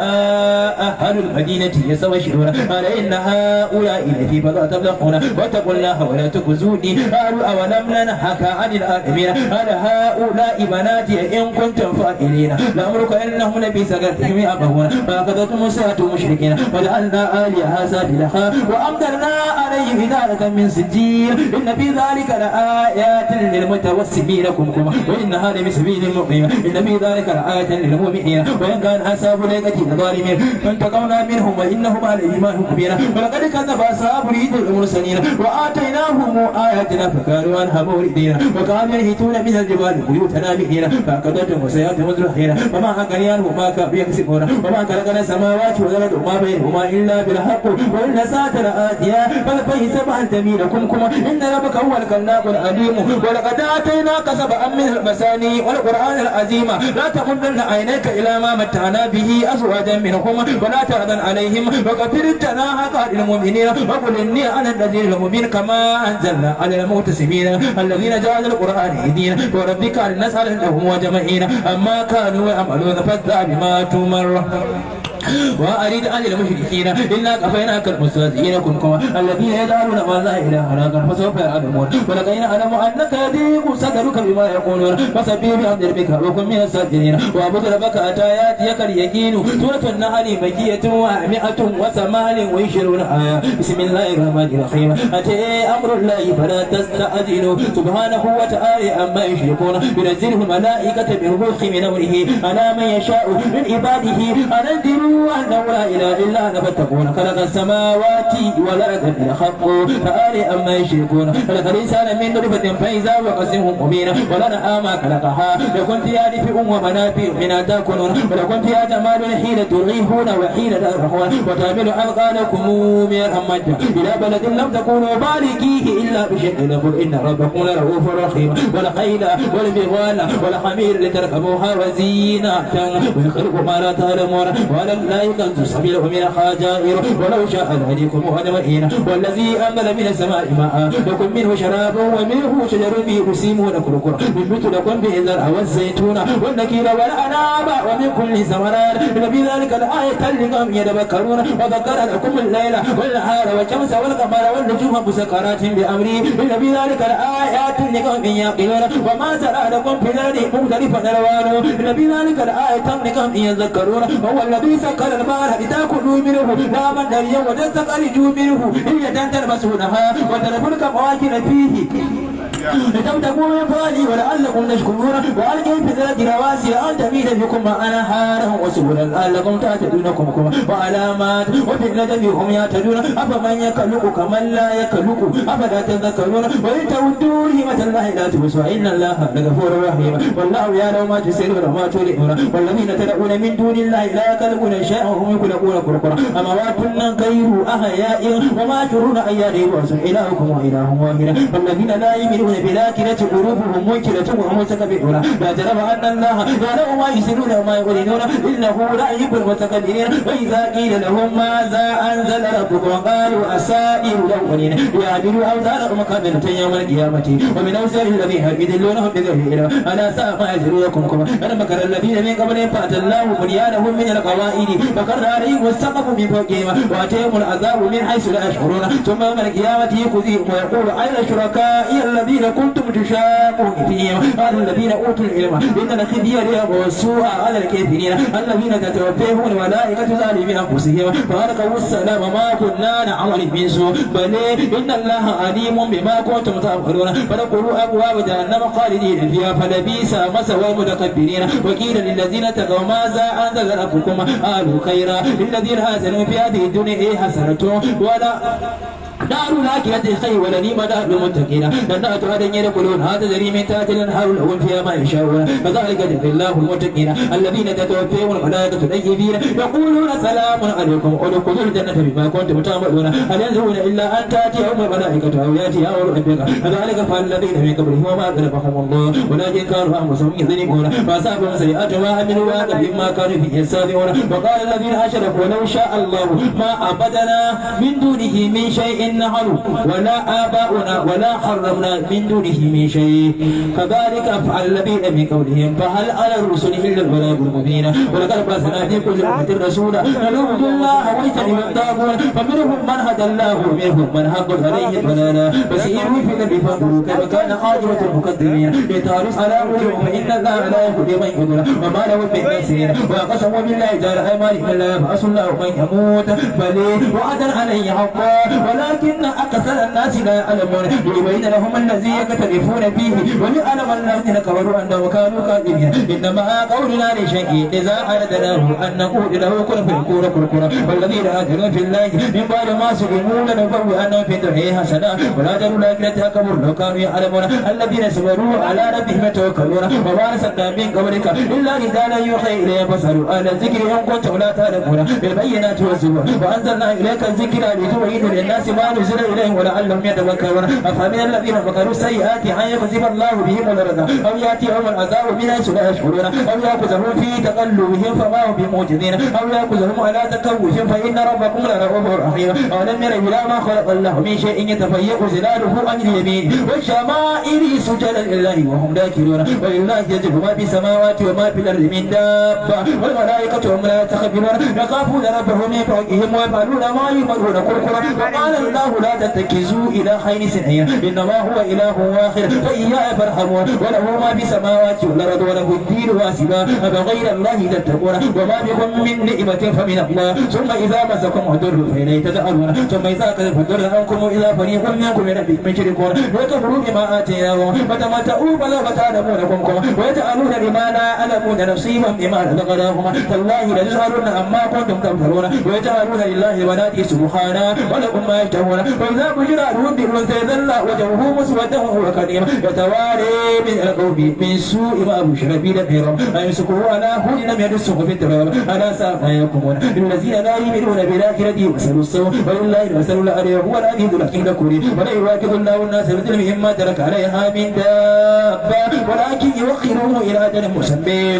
أهل المدينة يستبشرون قال إن هؤلاء لفي بضعة تبلغون وتقول الله ولا تكزوني قالوا أولم ننهك عن العالمين قال هؤلاء بناتي إن كنتم فاعلين لأمرك إنهم لبي سكرتهم يأبهون فأخذتهم ساعة مشركين وجعل وجعلنا آلهة سافلها وأمدرنا عليه إدارة من سجيل إن في ذلك لآيات للمتوسمين كمكم وإنها لمسبيل المؤمنين إن في ذلك لآيات للمؤمنين وإن كان أصحاب الأيكة ظالمين فانتقمنا منهم وإنهم على إيمان كبيرة ولقد كذب أصحاب الهيد المرسلين وآتيناهم آياتنا فكانوا عنها موردين وكانوا ينهتون من الجبال بيوتنا بحين فأكدتهم وسيأتهم مزرحين وما أغني عنهم ما كانوا يكسبون وما خلقنا السماوات والأرض وما بينهما إلا بالحق وإن ساعة لآتية فلبيه سبعا تمينكم كما إن ربك هو الخلاق العليم ولقد آتيناك سبعا من المساني والقرآن العظيم لا تقبلن عينيك إلى ما متعنا به أزواجا منهم ولا تحزن عليهم وكفر قال المؤمنين وقل إني أنا الذين المؤمن كما أنزلنا على المعتصمين الذين جعلوا القرآن دينا وربك لنسألنهم وجمعين أما كانوا يعملون فاذهب بما تمر وأريد ان المشركين إلا كفيناك المستهزئين كنكم الذين يدعون ما لا إله إلا فسوف يعلمون ولقد نعلم أنك يضيق صدرك بما يقولون فسبح بحمد ربك وكن من الساجدين واعبد ربك حتى يأتيك اليقين سورة النحل مجية ومئة وثمان وعشرون آية بسم الله الرحمن الرحيم أتي أمر الله فلا تستعجلوا سبحانه وتعالى عما يشركون ينزله الملائكة بالروح من أمره على من يشاء من عباده أنذروا واعلموا أنه لا إله إلا أنا فاتقون خلق السماوات والأرض بالحق فآل أما يشركون خلق الإنسان من نطفة فإذا وقسمه مبين ولنا آما خلقها لكم فيها دفء ومنافع من تاكلون ولكم فيها جمال حين تريحون وحين ترحون وتعمل أثقالكم من الأمد إلى بلد لم تكونوا بالغيه إلا بشق الأخر إن ربكم لرؤوف رحيم والخيل والبغال والحمير لتركبوها وزينة ويخلق ما لا تعلمون ولا لا يكنز سبيله من خجائر ولو شاء ذلكم هذا أجمعين والذي أنزل من السماء ماء لكم منه شراب ومنه شجر به تسيمون كركر من مثل لكم به الزرع والزيتون والنكير والأنام ومن كل الثمرات ففي ذلك الآية لقوم يتفكرون وذكر لكم الليل والنهار والشمس والقمر والنجوم مسكرات بأمره ففي ذلك الآيات لقوم يعقلون وما زرع لكم في ذلك مختلف ألوانه ففي ذلك الآية لقوم يذكرون هو الذي kalal mara ita ku du minhu wa man dariya wa dastaqari du minhu in yadanta masuna wa tarfulka da fihi لكم تكونوا انفرادي ولعلكم تشكرون والقي في الارض رواسي ان تميد بكم انهارا وسبلا لعلكم تعتدونكم وعلامات وبالندم هم يعتدون افمن يخلق كمن لا يخلق افلا تذكرون وان تودوا نعمه الله لا تبصوا ان الله لغفور رحيم والله يعلم ما تسرون وما تعلنون والذين تدعون من دون الله لا يخلقون شيئا وهم يخلقون كركرا اموات غير احياء وما ترون ايادي رؤوس الهكم واله واحد والذين لا يؤمنون القوم بلاكنة قلوبهم منكرة وهم متكبرون لا جرم أن الله يعلم ما يسرون وما يعلنون إنه لا يحب المتكبرين وإذا قيل لهم ماذا أنزل ربكم قالوا أسائر الأولين يعملوا أوزارهم قابلة يوم القيامة ومن أوزار الذين يدلونهم بغير علم ألا ساء ما يزرونكم أنا مكر الذين من قبلهم فأتى الله بنيانهم من القواعد فقر عليهم والسقف من فوقهم وأتيهم العذاب من حيث لا يشعرون ثم يوم القيامة يخزيهم ويقول أين شركائي الذين الذين كنتم تشاقون فيهم قال الذين أوتوا العلم إن الخزي اليوم والسوء على الكافرين الذين تتوفيهم الملائكة ظالمين أنفسهم فألقوا السلام ما كنا نعمل من سوء بل إن الله عليم بما كنتم تعملون فنقولوا أبواب جهنم خالدين فيها فلبئس مسوى المتكبرين وقيل للذين تقوا ماذا أنزل ربكم قالوا خيرا للذين آسنوا في هذه الدنيا حسنة ولا دار الآخرة خير ولنيم دار المتقين جنات عدن يدخلون هذا جري من تحت الأنهار لهم فيها ما يشاءون كذلك جزي الله المتقين الذين تتوفيهم الملائكة طيبين يقولون سلام عليكم ادخلوا الجنة بما كنتم تعملون هل ينظرون إلا أن تأتيهم الملائكة أو يأتي أمر ربك كذلك فعل الذين من قبلهم وما أغلبهم الله ولكن كانوا أنفسهم يظلمون فأصابهم سيئات ما عملوا وأتى بما كانوا فيه يستهزئون وقال الذين أشركوا لو شاء الله ما عبدنا من دونه من شيء نحن ولا آباؤنا ولا حرمنا من دونه من شيء فبارك أفعل الذين من قولهم فهل على الرسل إلا الولاء المبين ولقد بعثنا في كل أمة رسولا نعبد الله من تابون فمنهم من هدى الله ومنهم من حقت عليه الضلالة فسيروا في النبي فانظروا كيف كان عاقبة المقدمين لتعرف على وجوههم فإن الله لا يقول يوم يقول وما له من ناصرين وقسموا بالله جار أيمانهم لا يبعث الله من يموت بل وعدا عليه حقا ولكن ولكن أكثر الناس لا يعلمون ليبين لهم الذي يختلفون فيه وليعلم الذين كفروا أنه كانوا كاذبين إنما قولنا لشيء إذا أردناه أن نقول له كن فيكون كن كن والذين آمنوا في الله من بعد ما سلموا لنبوئنهم في الدنيا حسنا ولا تروا الآخرة تكبر لو كانوا يعلمون الذين صبروا على ربهم يتوكلون وما أرسلنا من قبلك إلا رجالا يوحي إليه فاسألوا أهل الذكر إن كنتم لا تعلمون بالبينات والزور وأنزلنا إليك الذكر لتبين للناس ما يرجون إليهم ولعلهم يتذكرون أفمن الذين مكروا سيئات أن يخزف الله بهم الأرض أو يأتيهم العذاب من حيث لا يشعرون أو يأخذهم في تقلبهم فما هم بموجدين أو يأخذهم على تكوف فإن ربكم لرؤوف رحيم أولم يروا إلى ما خلق الله من شيء يتفيأ ظلاله عن اليمين والشمائل سجدا لله وهم داخلون ولله يجب ما في السماوات وما في الأرض من دابة والملائكة هم لا يتخبرون يخافون ربهم من فوقهم ويفعلون ما يؤمرون قل قل وقال الله الله لا تتكزوا إلى خير سعير إنما هو إله واخر فإياي فارحمون وله ما في السماوات والأرض وله الدين واسبا أفغير الله تتقون وما بكم من نعمة فمن الله ثم إذا مسكم الضر فإليه تجعلون ثم إذا كذب الضر عنكم إذا فريق منكم مشركون وكفروا بما آتيناهم فتمتعوا فلا تعلمون كمكم ويجعلون لما لا ألمون نصيبا بما رزقناهم تالله لتسألن عما كنتم تمترون ويجعلون لله البنات سبحانه ولكم ما يشتهون يعلمون وإذا بشر أحدهم تذلى وجهه مسودا وهو كريم يتواري من القوم من سوء ما بشر به نذيرا أيمسكه على هون لم يدسه في التراب ألا ساء ما يحكمون الذين لا يؤمنون بالآخرة يمثلوا السوء ولله المثل الأعلى هو العزيز الحكيم الكوري ولا يواكب الله الناس بظلمهم ما ترك عليها من دابة ولكن يوخرهم إلى أجل مسمى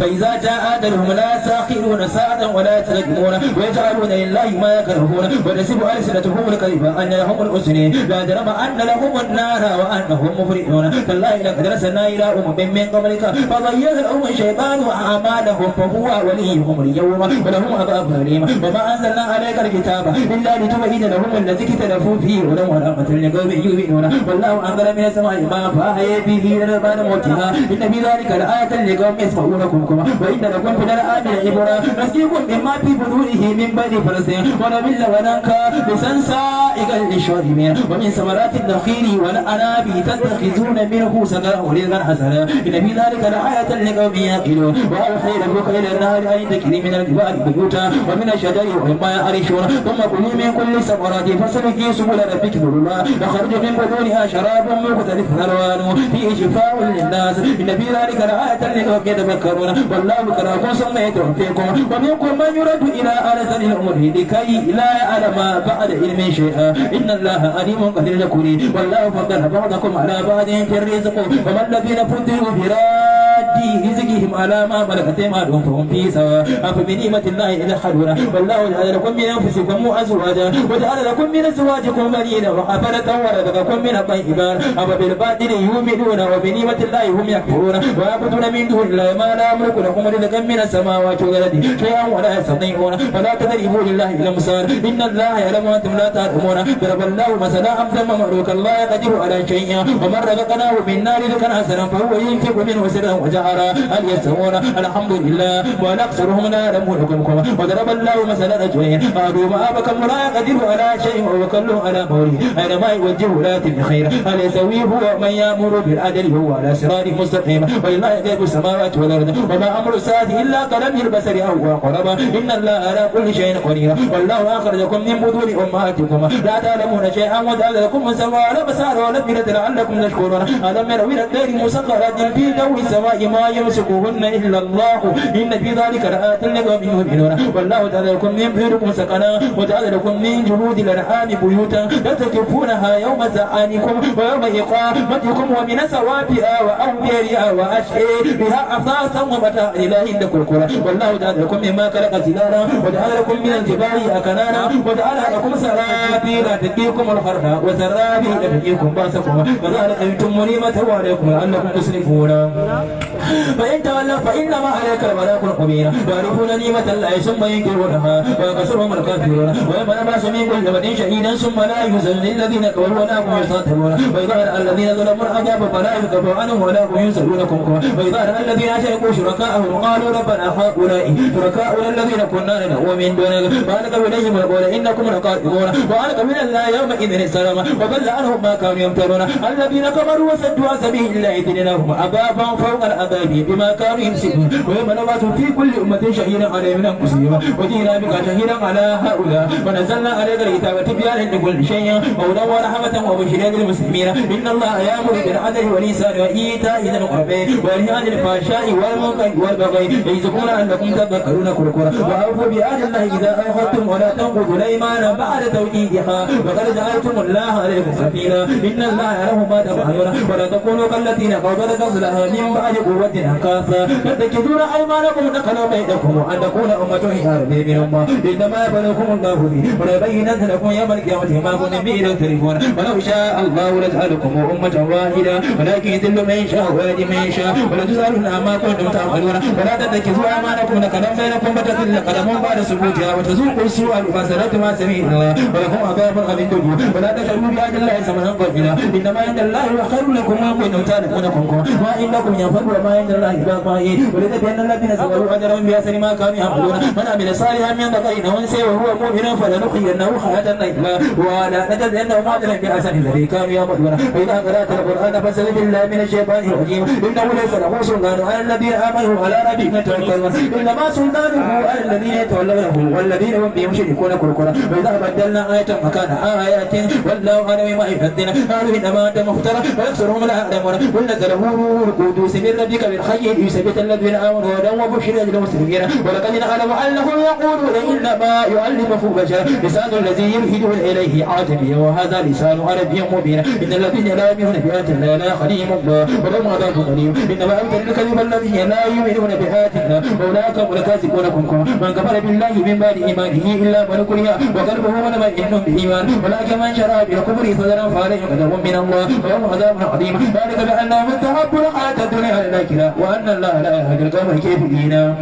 فإذا جاء أجلهم لا يستأخرون ساعة ولا يتقدمون ويجعلون لله ما يكرهون وتسب ألسنتهم الكذب أن لهم الحسن لا جرم أن لهم النار وأنهم مفرئون إذا قد رسلنا إلى أمم من قبلك فضيع لهم الشيطان وأعمالهم فهو وليهم اليوم ولهم عذاب أليم وما أنزلنا عليك الكتاب إلا لتبين لهم الذي اختلفوا فيه ولهم ورحمة لقوم يؤمنون والله أنزل من السماء ما فاهي به لنبان موتها إن في ذلك لآية لقوم يسمعون قبلكم كما وإن لكم في الأرض عبرة نسقيكم مما في بطونه من بني فلسطين ونبل وننكى بسنسائك للشاربين ومن ثمرات النخيل والأناب تتخذون منه سكرا ورزقا حسنا إن في ذلك لآية لقوم يعقلون وأوحي ربك إلى النار أن تكري من الجبال بيوتا ومن الشجر ومما يعرشون ثم كلوا من كل ثمرات فسلكي سبل ربك ذللا يخرج من بطونها شراب مختلف ألوانه فيه شفاء شفاء للناس إن في ذلك لآية لقوم يتفكرون والله مكراكم سميتم فيكم ومنكم من يرد إلى أرسل الأمور لكي لا يعلم بعد علم شيئا إن الله عليم قدير يكون والله فضل بعضكم على بعض في الرزق وما الذين فضلوا براد في رزقهم على ما ملكت ايمانهم فهم فيه سواء أفبنعمة الله يجحدون والله جعل لكم من أنفسكم أزواجا وجعل لكم من أزواجكم بنين وحفلة ورزقكم من الطيبات أفبالباطل يؤمنون وبنعمة الله هم يكفرون ويعبدون من دون الله ما لا يملك لهم رزقا من السماوات والأرض شيئا ولا يستطيعون فلا تضربوا لله الأمثال إن الله يعلم وأنتم لا تعلمون ضرب الله مثلا أمثل مملوك الله يقدر على شيء ومن رزقناه منا رزقا حسنا فهو ينفق منه سرا وجهرا الكفار أن يستوون الحمد لله ونقصرهم نارا ملكمكم وضرب الله مثلا رجلين قالوا ما أبكم لا يقدر على شيء وكل على موري أنا ما يوجه لا بخير هل يسوي هو من يأمر بالعدل هو على صراط مستقيم ولله غيب السماوات والأرض وما أمر الساعة إلا قلم البصر أو قرب إن الله على كل شيء قدير والله أخرجكم من بدون أمهاتكم لا تعلمون شيئا وجعل لكم من سواء على بصار ولبنة لعلكم تشكرون ألم يروا إلى الدار مسخرات في جو السماء ما ولا يمسكهن إلا الله إن في ذلك لآت لقوم يؤمنون والله تعالى لكم من بيوتكم سكنا وجعل لكم من جلود الأنعام بيوتا لتكفونها يوم زعانكم ويوم إقامتكم ومن سوابها وأوبيرها وأشعيرها أثاثا ومتاع إلى عند كركرة والله تعالى لكم مما خلق زلالا وجعل لكم من الجبال أكنانا وجعل لكم سرابيل تقيكم الحر وسرابيل تقيكم بأسكم وذلك أنتم نعمة عليكم أنكم مسلمون فإن تولوا فإنما عليك البلاغ المبين ويعرفون نعمة الله ثم ينكرونها ويكسرهم الكافرون ويمنع باس من كل بدء شهيدا ثم لا يزل للذين كفروا ولا هم يستطيعون وإذا الذين ظلموا العذاب فلا يكفوا عنهم ولا هم ينزلونكم وإذا الذين أشركوا شركاءهم قالوا ربنا هؤلاء شركاؤنا الذين كنا ندعو من دونك فألقوا إليهم القول إنكم لقائمون وألقوا من الله يومئذ السلام وضل عنهم ما كانوا يمترون الذين كفروا وسدوا عن سبيل الله إذن لهم عذابا فوق العذاب العذاب بما كانوا يمسكون ويوم نبعث في كل أمة شهيدا عليه من أنفسهم وجئنا بك شهيدا على هؤلاء ونزلنا عليك الكتاب تبيانا لكل شيء وهدى ورحمة وبشرى للمسلمين إن الله يأمر بالعدل والإحسان وإيتاء ذي القربى وينهى عن الفحشاء والمنكر والبغي يعظكم أنكم تذكرون كركرا وأوفوا بعهد الله إذا أخذتم ولا تنقضوا الأيمان بعد توكيدها وقد جعلتم الله عليكم سبيلا إن الله يعلم ما تفعلون ولا تكونوا كالتي نقضت غزلها من بعد قوة wajen kasa yadda ki zura ai na ku na kana da kuma an da a ummatohi arabi min amma idan ma bala ku mun lahu bi wala bayyana da ku ya malki wa ma ku nabi da tarihuna wala usha allah la jalakum ummatan wahida wala ki a mai sha wa di mai sha ma ku da da ki zura ma na ku na mai da kuma da dilla kada mun ba da subuti ya wata zu ku su al fasarat ma sami allah wala kuma ba ba abin ku wala da ta mun ya allah sama nan ba ina idan ma inda allah ya khairu lakum ma ku na ta da kuma wa inna kum ya fadu ma عند الله باقا ولتبين الذين صبروا اجرهم باحسن ما كانوا يعملون من عمل صالحا من ذكر او انثى وهو مؤمن فلنحيينه حياه طيبه ولا نجزينهم اجرا باحسن الذي كانوا يعملون واذا قرات القران فاستعذ بالله من الشيطان الرجيم انه ليس له سلطان على الذين امنوا على ربهم يتوكلون انما سلطانه على الذين يتولونه والذين هم به مشركون كركرا واذا بدلنا ايه مكان ايه والله اعلم ما يفدنا قالوا انما انت مفترى ويكسرهم لا يعلمون قل نزله روح القدوس من ربك ذلك بالخير ليثبت الذين آمنوا هدى وبشر للمسلمين ولقد نعلم أنهم يقولون إنما يؤلفه بشر لسان الذي يلهدون إليه عاتبي وهذا لسان عربي مبين إن الذين لا يؤمنون بآيات الله لا خليهم الله ولهم عذاب أليم إنما أمثل الكذب الذين لا يؤمنون بآيات الله وأولئك هم الكاذبون من كفر بالله من بعد إيمانه إلا من كره وقلبه من مطمئن بإيمان ولكن من شرع بالكفر صدرا فعليه غضب من الله ويوم عذاب عظيم ذلك بأنهم انتهبوا الحياة الدنيا إلى Wa annan lahada ya haɗu da kama ya ke bi ina.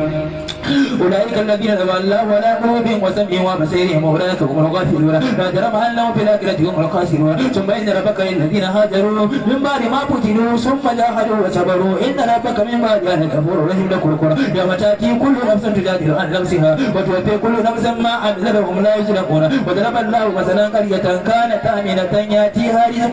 Wani aikin na gina da ba. Allahumma na ɗaɓo min wasannin wa ma sai ne ma. Wani aka saka ƙoƙarin kuka shi da bakayin na gina hajaru. Mun bada mafutinu sun maca hadu da sabaru. Ina da baka mun bada rahim da Ya mataki kullum na musamman sun jira an lamsu ya yi lura. Wata ce kullum na musamman an zama kumulaye su da kora. Wata labar labu masana'n ariyatan kane ta hannu na sanya. Taya yaji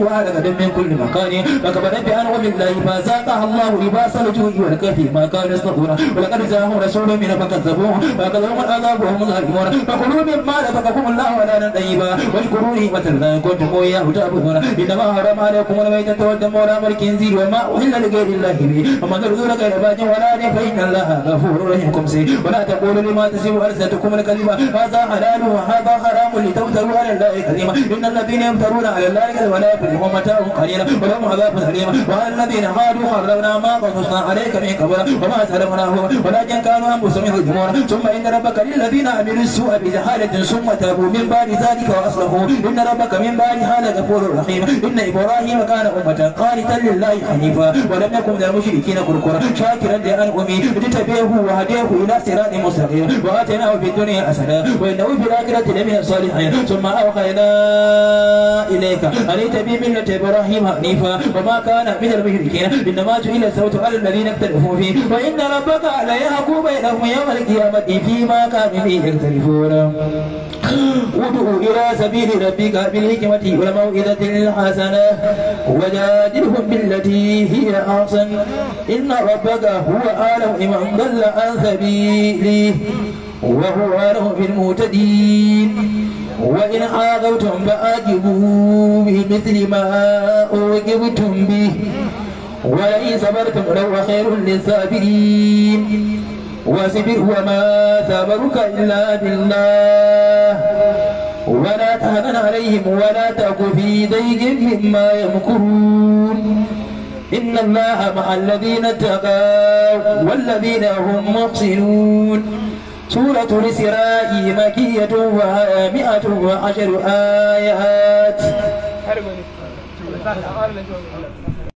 za k الوجوه والكهف ما كانوا يصدقون ولقد جاءهم رسول منهم فكذبوه فأخذهم العذاب وهم ظالمون فكلوا مما رزقكم الله حلالا طيبا واشكروا نعمة الله إن كنتم إياه تعبدون إنما حرم عليكم الميتة والدم ولحم الخنزير وما أهل لغير الله به ومن ارزق غير باج ولا عاد فإن الله غفور رحيم ولا تقولوا لما تسب ألسنتكم الكذب هذا حلال وهذا حرام لتفتروا على الله الكذب إن الذين يفترون على الله الكذب ولا يفلحون متاع قليلا ولهم عذاب أليم وعلى الذين هادوا حرمنا ما قصصنا عليك من قبل وما سلمنا هو ولكن كانوا أنفسهم يظلمون ثم إن ربك للذين عملوا السوء بجهالة ثم تابوا من بعد ذلك وأصلحوا إن ربك من بعدها لغفور رحيم إن إبراهيم كان أمة قانتا لله حنيفا ولم يكن من المشركين كركرا شاكرا لأنعمه اجتبيه وهديه إلى صراط مستقيم وآتيناه في الدنيا حسنا وإنه في الآخرة لمن الصالحين ثم أوحينا إليك أن تبي ملة إبراهيم حنيفا وما كان من المشركين إنما جعل الصوت على الذين اختلفوا فيه وإن ربك ليحكم بينهم يوم القيامة فيما كانوا فيه يختلفون ودعوا إلى سبيل ربك بالحكمة والموئذة الحسنة وجادلهم بالتي هي أحسن إن ربك هو أعلم بمن ضل عن سبيله وهو أعلم بالمهتدين وإن عاقبتم فعاقبوا بمثل ما أوجبتم به ولئن صبرتم لهو خير للصابرين وصبر وما صبرك إلا بالله ولا تهنن عليهم ولا تك في ضيق مما يمكرون إن الله مع الذين اتقوا والذين هم محسنون سورة الإسراء مكية وهي وعشر آيات